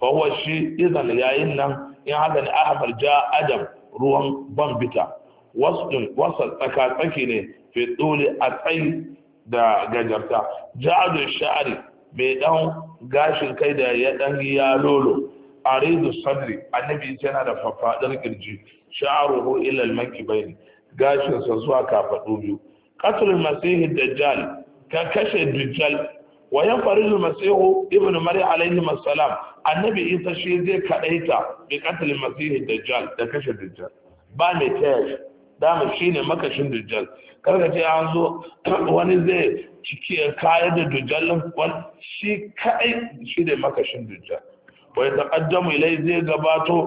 fa huwa shi idan yayin nan in haka ne ahmar ja adam ruwan ban bita wasdun wasat tsaka tsaki ne fi dole a tsayi da gajarta jadu sha'ari mai dan gashin kai da ya dan ya lolo aridu sadri annabi yana da faffadar kirji sha'aruhu ila al gashin sa zuwa kafadu biyu qatlul masihi dajjal ka kashe dajjal wa yanfaridu masihu Ibn maryam alaihi assalam annabi isa shi zai kadaita bi qatlul masihi dajjal da kashe dajjal ba mai tayar dama shi ne makashin dujjal karka ce an zo wani zai cike kayar da dujjalin shi kaɗai shi ne makashin dujjal wa ya taƙaddamu ilai zai gabato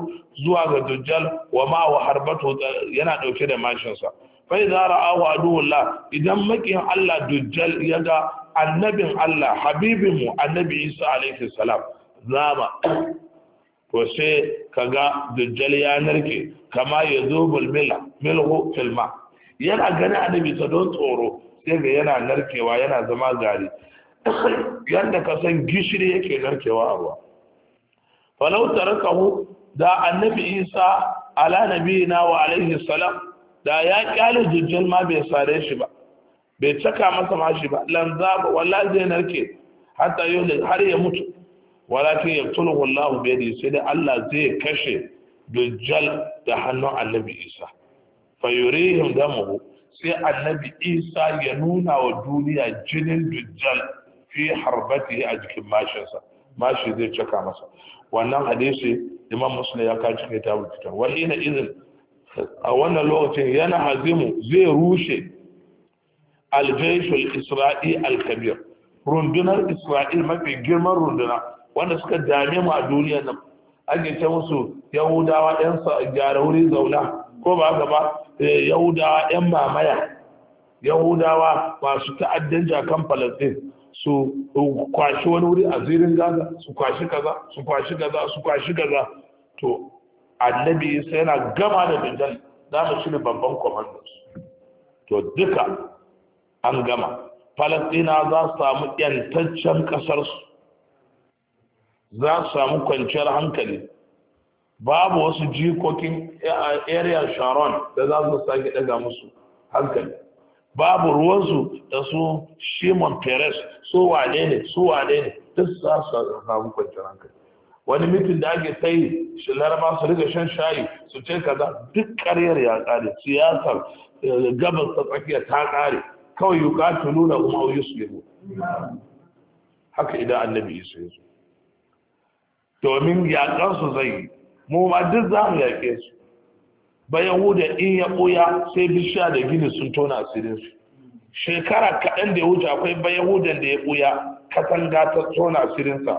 zuwa ga dujjal wa ma wa harbato yana ɗauke da mashinsa zara za wa aduwullah idan makin Allah dujjal ya ga annabin Allah habibinmu annabi Isa alaihi salam zama ko sai kaga dujjal ya narke kama ya zo bulmila milhu filma yana gani annabi ta don tsoro sai ga yana narkewa yana zama gari yadda ka san gishiri yake narkewa a ruwa falau tarakahu da annabi isa ala nabiyina wa alaihi salam da ya kyale dujjal ma bai sare shi ba bai caka masa mashi ba lan wallahi zai narke hatta yau har ya mutu walakin yaqtuluhu Allah bi yadihi sai dai Allah zai kashe dajjal da hannun annabi Isa fa damuhu sai annabi Isa ya nuna wa duniya jinin dajjal fi harbatihi a jikin mashinsa mashi zai caka masa wannan hadisi imam muslim ya kawo cikin tabu fitar wa ina izin a wannan lokacin yana hazimu zai rushe aljaishul isra'il alkabir rundunar isra'il mafi girman runduna wanda suka dame mu a duniya nan ake ce musu yahudawa yan gyara wuri zauna ko ba haka ba eh, yahudawa yan mamaya yahudawa masu ta'addanci kan palestine su kwashi wani wuri a zirin gaza su kwashi kaza su kwashi kaza su kwashi kaza to annabi isa yana gama da dindal za mu shirya babban kwamandos to duka an gama falastina za su samu yantaccen kasarsu za su samu kwanciyar hankali babu wasu jikokin area sharon da za su sake daga musu hankali babu ruwansu da su shimon perez su wane ne su wane ne duk za su samu kwanciyar hankali wani mitin da ake ta yi shi su riga shan shayi su ce kaza duk karyar ya kare siyasar eh, gabas ta tsakiya ta kare kawai yuka nuna kuma yusulimu haka idan annabi isa ya zo domin yaƙansu zai yi mu ma duk za mu yaƙe su ba yahuda in ya ɓoya sai bishiya da gini sun tona asirinsu shekara kaɗan da ya wuce akwai ba hudan da ya ɓoya katanga ta tona asirinsa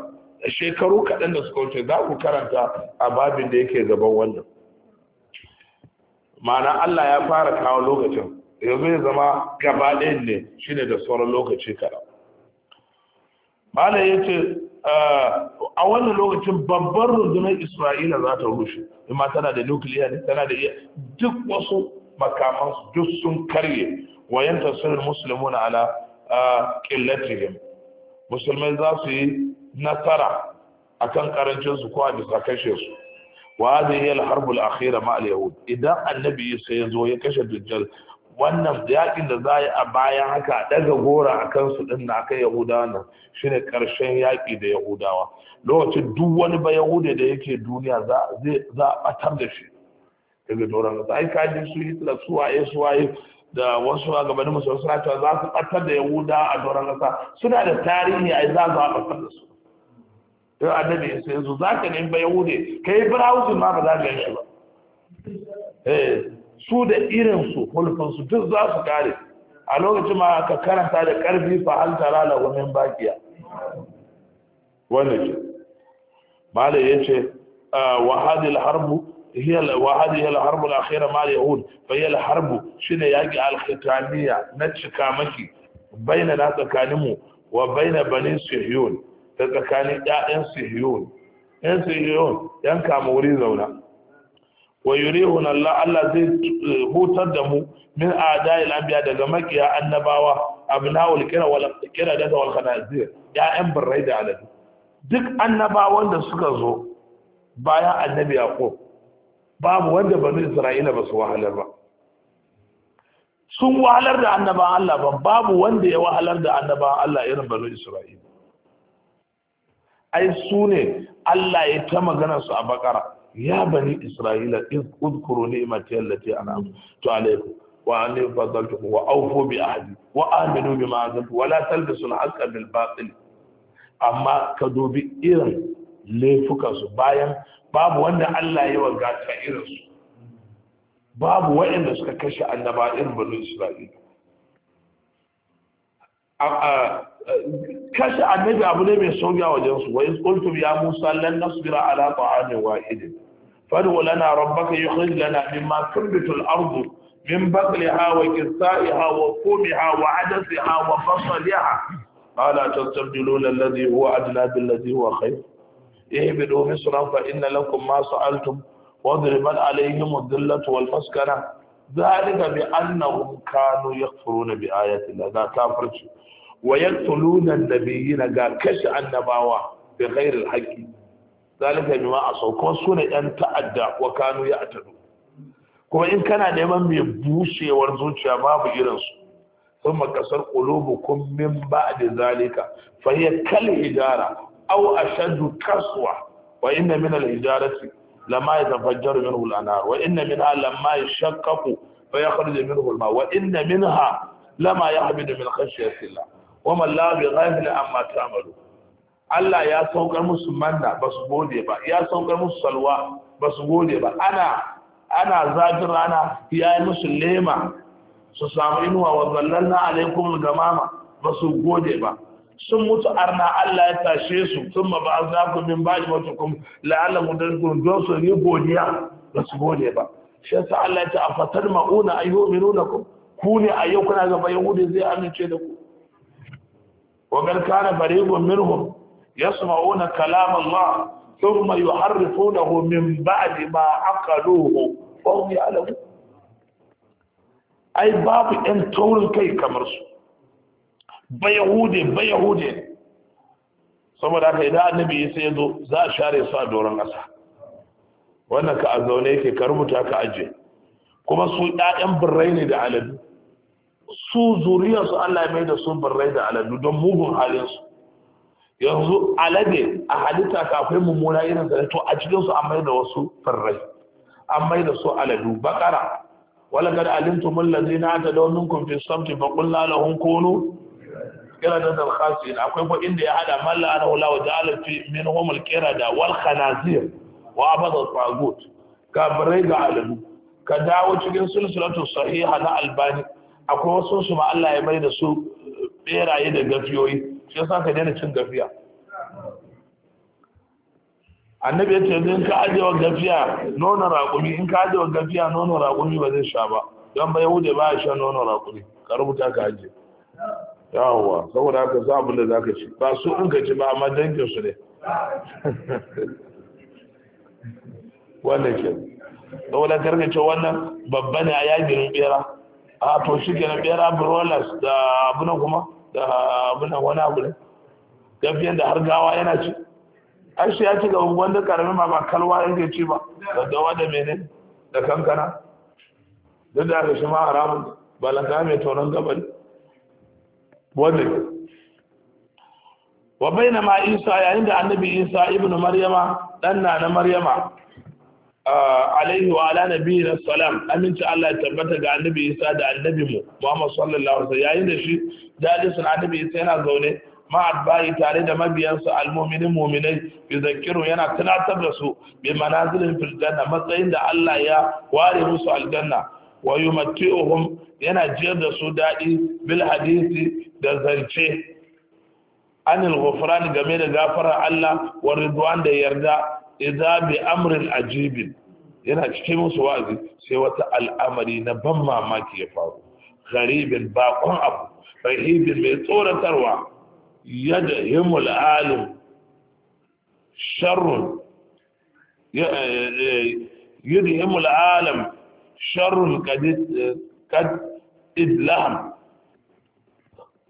shekaru kaɗan da suka wuce za ku karanta a babin da yake gaban wannan ma'ana allah ya fara kawo lokacin yanzu ya zama gaba ɗayan ne shine da sauran lokaci kaɗan malam ya ce Eh, a wannan lokacin babbar rundunar isra'ila za ta rushe imma tana da nukiliya ne tana da iya duk wasu makaman duk sun karye wayan tasirin musulmuna ala ƙillatihim eh, musulmai za su yi nasara a kan ƙarancinsu ko a bisa kashe su wa zai yi alharbul akhira ma al yahud idan annabi sai ya zo ya kashe dujjal wannan yakin da za a bayan haka daga gora a kansu din na aka yahudawa nan shine ƙarshen yaƙi da yahudawa lokacin duk wani ba yahude da yake duniya za a ɓatar da shi daga doron da ai kaji su hitler su waye su waye da wasu gabanin musulun suna cewa za su ɓatar da yahuda a doron ƙasa suna da tarihi ai za su ɓatar da su don annabi ya sai yanzu za ka nemi ba yahude kai browsing ma ba za ka yi shi ba eh. su da irinsu hulfinsu duk za su kare a lokacin ma ka karanta da ƙarfi fa hal tara la min baqiya wannan ce yace ah, wa hadhihi al hiya wa hadhihi al harb al-akhira ma yahud fa hiya al harb shine yaki al khitaniya na cika maki baina na tsakaninmu wa baina bani sihyun ta tsakanin ƴaƴan sihyun ƴan sihyun yan kama wuri zauna wa yurihuna Allah Allah zai hutar da mu min adail anbiya daga makiya annabawa a kira wal kira da wal khanazir da aladu duk annabawan da suka zo bayan annabi yaqub babu wanda banu isra'ila ba su wahalar ba sun wahalar da annaban Allah ba babu wanda ya wahalar da annaban Allah irin banu isra'ila ai su ne Allah ya ta magana su a bakara ya bani isra'ila udkuru ni'mati allati an'amtu alaykum wa anni fadaltukum wa awfu bi ahdi wa aminu bima anzaltu wa la talbisu haqqa bil batil amma ka dubi irin laifuka su bayan babu wanda Allah ya wagata irin su babu waɗanda suka kashe annaba irin bani isra'ila كاش النبي ابو لي من سوغيا وجنس ويس قلت يا موسى لن نصبر على طعام واحد فادعو لنا ربك يخرج لنا مما تنبت الارض من بقلها وكسائها وفومها وعدسها وبصلها قال تستبدلون الذي هو ادنى بالذي هو خير اهبدوا مصرا فان لكم ما سالتم واضربا عليهم الذله والمسكنه zalika bi annahum kanu yaqtuluna bi ayati la ga kafirci wa yaqtuluna nabiyina ga kashi annabawa bi ghairi alhaqi zalika bi ma kuma suna yan ta'adda wa kanu ya'tadu kuma in kana neman mai bushewar zuciya babu irin su ba كسر Zalika. fa hiya kal hijara aw أو kaswa wa inna min alhijarati لما يتفجر منه الأنهار وإن منها لما يشقق فيخرج منه الماء وإن منها لما يهبد من خشية الله وما الله بغافل عما تعملوا Allah ya saukar musu manna basu su gode ba ya saukar musu salwa basu su gode ba ana ana zafin rana ya yi musu lema su samu inuwa wa zallan na alaikum gamama ba su gode ba sun mutu arna Allah ya tashe su sun ma ba za ku min baji wata kum la'ala mu dan ku don su yi godiya ba su gode ba shi yasa Allah ya ce a fatar ma'una nuna ku ku ne a yau kuna gaba yahudi zai amince da ku wa gar kana fariqun minhum yasma'una kalam Allah thumma yuharrifunahu min ba'di ma aqaluhu wa hum ya'lamun ai babu ɗan taurin kai kamar su bayahude bayahude saboda haka idan annabi ya sai zo za a share su a doron ƙasa wannan ka a zaune yake ka rubuta ka aje kuma su ƴaƴan birrai ne da aladu su zuriyarsu Allah mai da su birrai da aladu don mugun halinsu yanzu alade a halitta ka akwai mummuna irin sa to a cikin su an mai da wasu birrai an mai da su aladu bakara wala kad alimtum allazina ta minkum fi samti fa qulna lahum kunu القرده الخاسرين اكو إبو إندي أحد من لعنه الله وجعل في منهم القرده والخنازير وعبد الطاغوت كابري قالوا كداو cikin سلسله sahiha na الباني اكو wasu su الله يمر ya سو بيراي ده beraye da gafiyoyi shi yasa ka cin gafiya annabi yace ce in ka aje wa gafiya nono raƙumi in ka aje wa gafiya nono raƙumi ba zai sha ba don ba yahude ba ya sha nono raƙumi ka rubuta ka aje yawwa saboda haka za abin da za ka ci ba su in ka ci ba amma dangin su ne wannan ke saboda ce wannan babba ne a yagin bera a to shi ke na bera brolas da abunan kuma da abunan wani abu ne gafiyan da har gawa yana ci ai shi ya ci ga wanda karami ma ba kalwa yake ci ba da dawa da mene da kankana duk da haka shi ma haramun balanta mai tauron gabani wannan wa ma isa yayin da annabi isa ibnu maryama dan na na maryama ah, alaihi wa ala nabiyina salam aminci Allah ya tabbata ga annabi isa da annabi mu Muhammad sallallahu alaihi wasallam yayin da shi jalisin annabi isa yana zaune ma adbai tare da mabiyansa almu'minin mu'minai yuzakkiru yana tunatar da su bi manazilin fil janna matsayin da Allah ya ware musu aljanna wa yumatti'uhum yana jiyar da su daɗi bil hadisi da zance anil ghufran game da gafara Allah wa ridwan da yarda idza bi amrin ajibin yana cikin musu wa'azi sai wata al'amari na ban mamaki ya faru gharibin bakon abu rahibin mai tsoratarwa da himul alim sharrun eh, eh, alam sharrun kad eh, idlam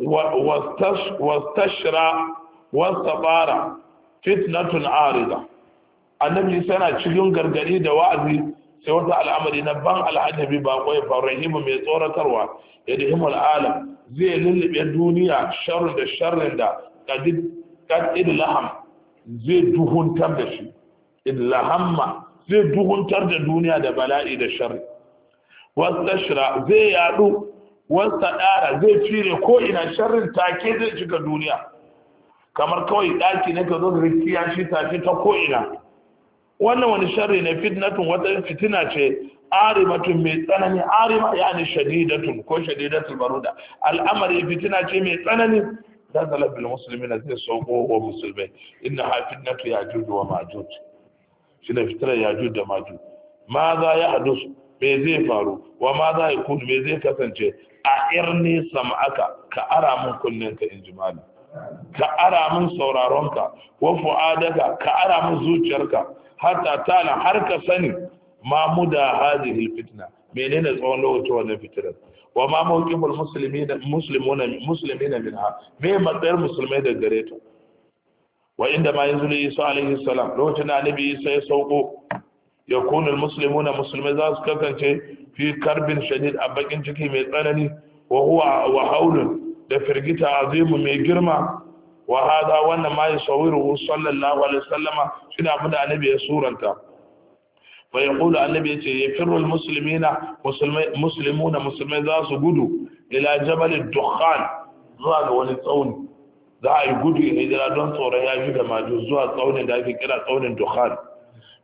wastashra wastabara fitnatun arida annabi sana cikin gargadi da wa'azi sai wata al'amari na ban al'ajabi ba kwai farahimu mai tsoratarwa ya da himul alam zai lullube duniya sharri da sharrin da kadid laham zai duhuntar da shi illahamma zai duhuntar da duniya da bala'i da sharri wastashra zai yadu Wansa ɗara zai cire ko ina sharrin take zai shiga duniya kamar kawai ɗaki ne ka zo da rikiya shi take ta ko ina wannan wani sharri ne fitnatun wata fitina ce arimatun mai tsanani arima ya ne shadidatun ko shadidatul baruda al'amari fitina ce mai tsanani nazala bil na zai sauko wa musulmai inna ha fitnatu yajuj wa ne shine ya yajuj da majud ma za ya hadu me zai faru wa ma za ya kudu me zai kasance a irni sam'aka ka ara mun kunninka in injimali, ka ara mun sauraronka wa fu'adaka ka ara mun zuciyarka hatta tana har ka sani ma muda hadhihi fitna menene tsawon lokaci wannan fitinar wa ma mawqiful muslimina muslimuna muslimina minha me matsayar musulmai da gare ta wa inda ma yanzu Isa alaihi salam lokacin da Annabi Isa ya sauko yakunu almuslimuna musulmi za su kasance fi karbin shadid a bakin ciki mai tsanani wa huwa wa haulun da firgita azimu mai girma wa hada wannan ma yasawiru sallallahu alaihi wasallama shine abin da annabi ya suranta ya kula annabi yace yafirru almuslimina musulmai muslimuna musulmi za su gudu ila jabal dukkan zuwa ga wani tsauni za a yi gudu ne don tsoron ya ji da maju zuwa tsaunin da ake kira tsaunin dukkan.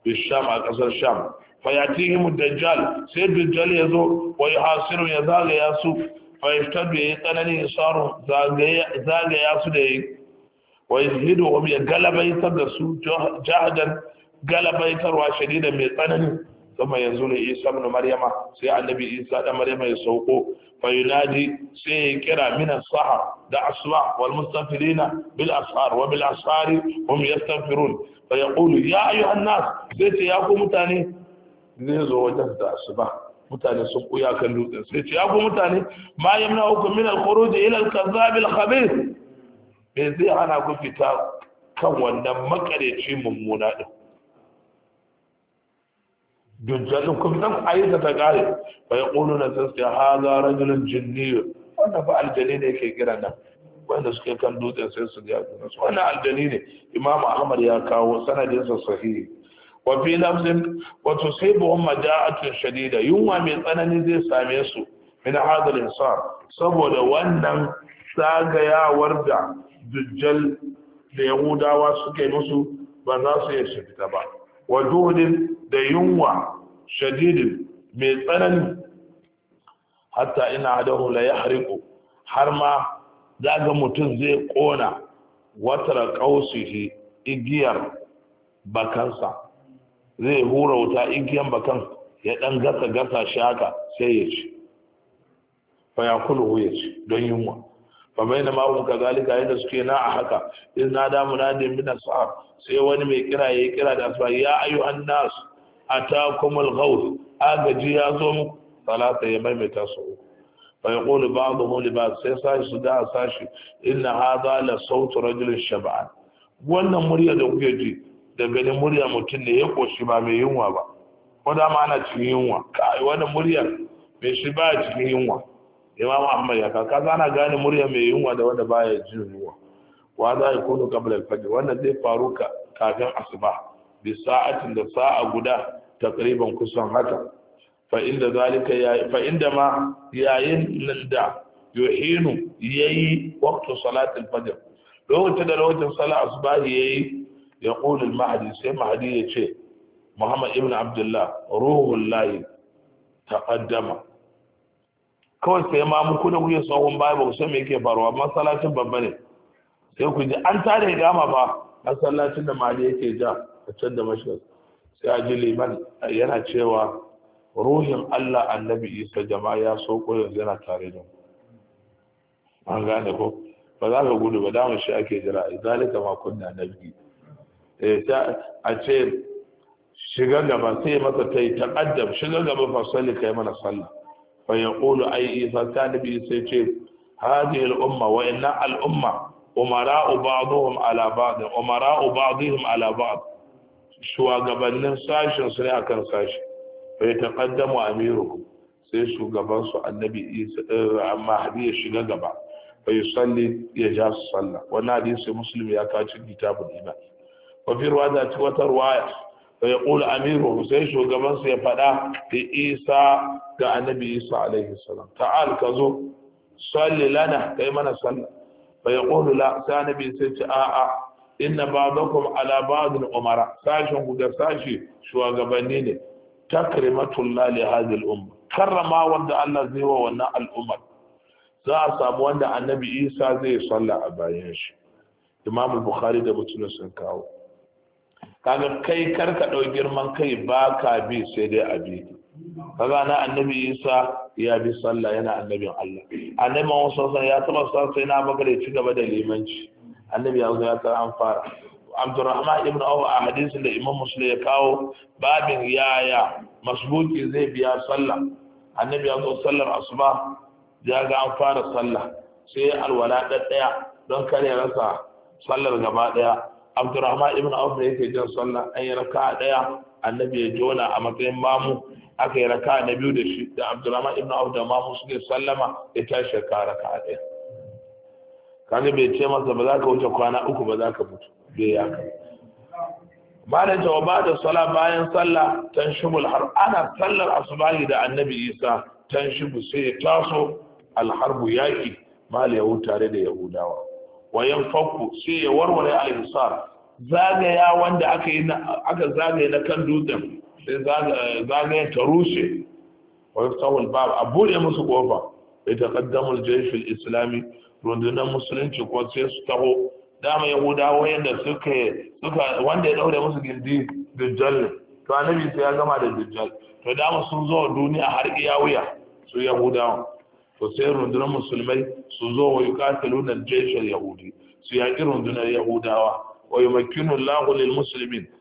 Sham a kasar sham fayatihim dajjal sai dajjal ya zo Wai yuhasiru ya zagaya su fayaftadu ya yi tsananin isaru zagaya su da ya wa yuzhiduhum galabaitar da su jahadan galabaitarwa shadidan mai tsanani kuma yanzu ne isa ibn maryama sai annabi isa da maryama ya sauko فينادي سيكرا من السحر دع الصباح والمستغفرين بالأسحار وبالأسحار هم يستغفرون فيقول يا أيها الناس سيتي يا أبو متاني زيزو وجهد الصباح mutane sun kuya kan dutsen sai ce ya ku mutane ma yamna hukum min al-khuruj ila al-kazzab al me zai hana ku fita kan wannan makareci mummuna dujjalin kuma nan ayyuka ta kare fa yaquluna tasya hadha rajulun jinni wannan ba aljani ne yake kira nan wanda suke kan dutsen sai su ga su wannan aljani ne imamu ahmad ya kawo sanadin sa sahihi wa fi lafzin wa tusibuhum maja'atun shadida yunwa mai tsanani zai same su min hadha al saboda wannan zagayawar da dujjal da yahudawa suke musu ba za su yi su fita ba wa da yunwa shadidin mai tsanani hatta ina adahu la yahriqu har ma zaga mutum zai kona watar qausihi igiyar bakansa zai hura wuta igiyar bakan ya dan gasa gasa shaka, sai ya ci fa ya ya ci don yunwa fa bayna ma hum kadhalika yadda suke na a haka in na da munadin min ashab sai wani mai kira yayi kira da asfa ya ayyuhan nas atakumul ghawth agaji ya zo muku salata ya maimaita su fa yaqulu ba'dhum li ba'd sai sashi su da sashi inna hadha la sautu rajulin shab'an wannan murya da kuke ji da ganin murya mutum ne ya koshi ba mai yunwa ba ko da ma ana cikin yunwa kai wannan muryar mai shi ba cikin yunwa imam ahmad ya ka kaza ana gane murya mai yunwa da wanda baya jin yunwa wa za ya kunu kabla al-fajr wannan zai faru kafin asuba bi sa'atin da sa'a guda takriban kusan haka fa inda zalika ya fa inda ma yayin nan da yuhinu yayi waqtu salati al-fajr lokacin da lokacin salat asuba yayi ya qulu al-mahdi sai mahdi ya ce muhammad ibn abdullah ruhullahi taqaddama kawai sai ma muku da kuke tsohon baya ba ku san me yake faruwa masallacin babba ne sai ku ji an tare da gama ba masallacin da mali yake ja a can da mashi sai a ji liman yana cewa ruhin Allah annabi Isa jama'a ya so yanzu yana tare da mu an gane ko ba za ka gudu ba damar shi ake jira zalika ma kunna nabi eh ta a ce shiga gaba sai masa ta yi ta taqaddam shiga gaba fa salli kai mana sallah fa yaqulu ai isa ta nabi sai ce hadhihi al umma wa inna al umma umara'u ba'dhum ala ba'd umara'u ba'dhum ala shugabannin sashin su ne akan sashi fa yataqaddamu amiruhum sai shugaban su annabi eh, amma hadi shiga gaba fa yusalli ya ja su sallah wannan hadisi muslim ya kawo cikin kitabul iman wa fi riwaya wata riwaya sai ƙula amiru sai shugabansu ya faɗa da isa ga annabi isa alaihi salam ta'al ka zo salli lana kai mana sallah fa ya ƙulu la sai annabi sai ce a'a inna ba'dakum ala ba'din umara Sashen ku da sashi shugabanni ne takrimatullah li hadhihi umma karrama wanda Allah zai wa wannan al'ummar za a samu wanda annabi isa zai sallah a bayan shi imam bukhari da muslim sun kawo kaga kai kar ka ɗau girman kai ba ka bi sai dai a bi kaga na annabi isa ya bi sallah yana annabin allah annabi wasu sassan ya taɓa sa sai na bakar ya ci gaba da limanci annabi ya zo ya tsara an fara abdurrahman ibn awu a hadisin da imam muslim ya kawo babin yaya masbuki zai biya sallah annabi ya zo sallar asuba ya ga an fara sallah sai alwala ɗaya don kare rasa sallar gaba ɗaya abdurrahman ibn auf da yake jin sallah an yi raka daya annabi ya jona a matsayin mamu aka yi raka na biyu da shi da abdurrahman ibn auf da mamu suke sallama ya tashi ka raka daya kaga bai ce masa ba za ka wuce kwana uku ba za ka mutu bai ya kai bayan jawaba da sala bayan sallah tan shubul har ana sallar asubahi da annabi isa tan tanshibu sai ya taso alharbu yaki mal yahu tare da yahudawa Wayan yanfaku sai ya warware al zagaya wanda aka yi aka zagaya na kan dutsen sai zagaya ta rushe wa yaftahul bab a buɗe musu kofa bai taqaddamul jaysh islami rundunar musulunci ko sai su taho dama Yahuda wanda suka suka wanda ya daure musu gindi dajjal ne to annabi sai ya gama da dajjal to dama sun zo duniya har iya wuya su yahudawa to sai rundunar musulmai su zo wa yuqatiluna al yahudi su yaƙi rundunar yahudawa wa yumakkinu Allahu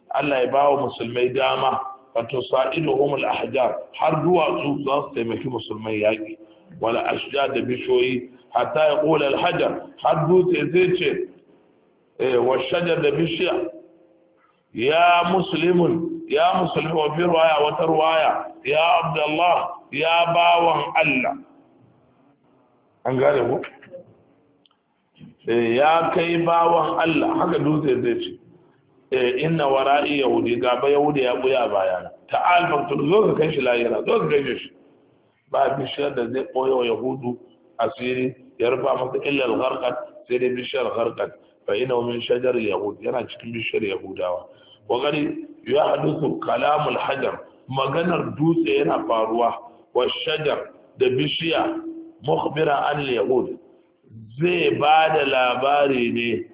Allah ya bawa musulmai dama wato sa'iduhum al ahjar har duwatsu za su taimaki musulmai yaƙi wala ashja da bishoyi hatta ya qula har dutse zai ce eh, wa shajar da bishiya ya ya wa wata ruwaya ya abdullah ya bawan Allah an gane ku Eh, ya kai bawan Allah haka dutse zai ce eh, inna wara'i yahudi ga ba yahudi ya buya bayana ta'al faktur zo ka kai shi lahira zo ka kai shi ba bishiyar da zai koya wa yahudu asiri ya rufa masa al gharqat sai dai bishiyar gharqat fa ina min shajar yahud yana cikin bishiyar yahudawa wa gari ya haduthu kalamul hajar maganar dutse yana faruwa wa shajar da bishiya mukhbira an yahud zai ba da labari ne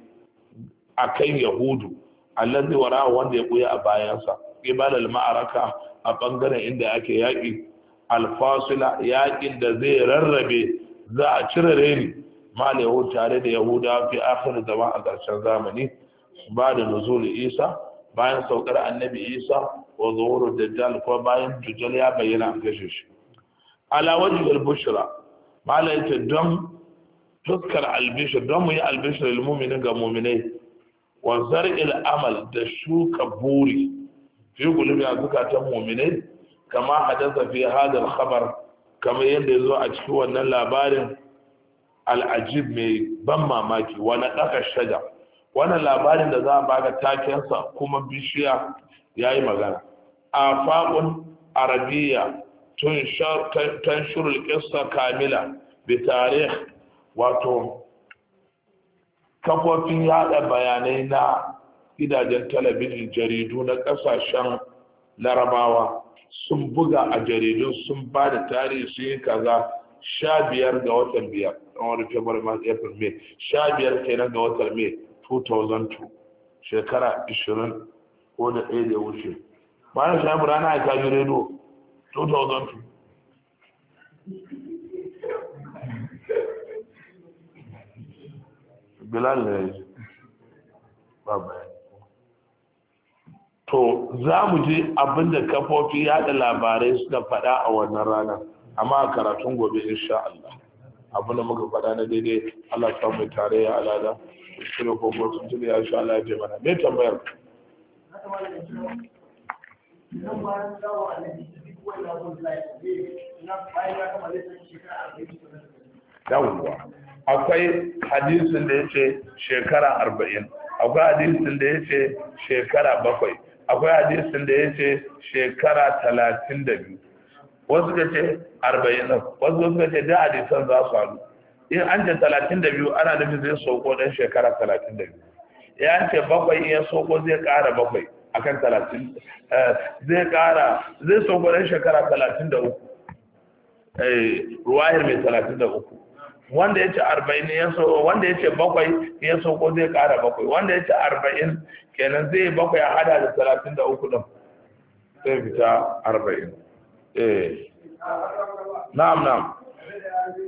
a kan yahudu allazi wara wanda ya buya a bayansa da ma'araka a bangaren inda ake yaƙi alfasila yaƙin da zai rarrabe za a cire reni da yahudu tare da yahuda fi akhir zama a ƙarshen zamani ba da nuzul isa bayan saukar annabi isa wa zuhuru dajjal ko bayan dajjal ya bayyana a gashe shi ala wajhil bushra malai don dukkan albishir don mu yi albishir ilmuminin ga muminai wanzar il'amal da shuka buri fi gulubi a zukatan muminai kama hadasa fi hadar khabar kamar yadda ya zo a cikin wannan labarin al'ajib mai ban mamaki wani ɗaka shaja wannan labarin da za a baka takensa kuma bishiya ya yi magana a faƙon arabiya tun shurul kamila bi tarih wato kafofin yada bayanai na gidajen talabijin jaridu na kasashen larabawa sun buga a jaridun sun ba da tarihi sun yi kaza sha biyar ga watan biyar a wani february march april may sha biyar kenan ga watan may 2002 shekara 20 ko da ɗaya da wuce bayan na rana ya kaji rediyo 2002 bilal ne yaji to za mu ji abinda kafofi yada labarai suka faɗa a wannan ranar amma a karatun gobe insha Allah abinda muka faɗa na daidai Allah ta mai tare ya alada shirya ko ko sun tuli ya sha Allah ya na me tambayar yawwa akwai hadisin da ya ce shekara arba'in akwai hadisin da ya ce shekara bakwai akwai hadisin da ya ce shekara talatin da biyu wasu ka ce arba'in wasu ka ce da hadisan za su haɗu in an ce talatin da biyu ana nufin zai sauko dan shekara talatin da biyu in an ce bakwai in ya sauko zai ƙara bakwai akan talatin eh, zai kara zai sauko dan shekara talatin da uku eh, ruwayar mai talatin da uku wanda ya ce arba'in ya so wanda ya ce bakwai ya so ko zai kara bakwai wanda ya ce arba'in kenan zai bakwai a hada da talatin da uku ɗin sai fita arba'in eh na'am na'am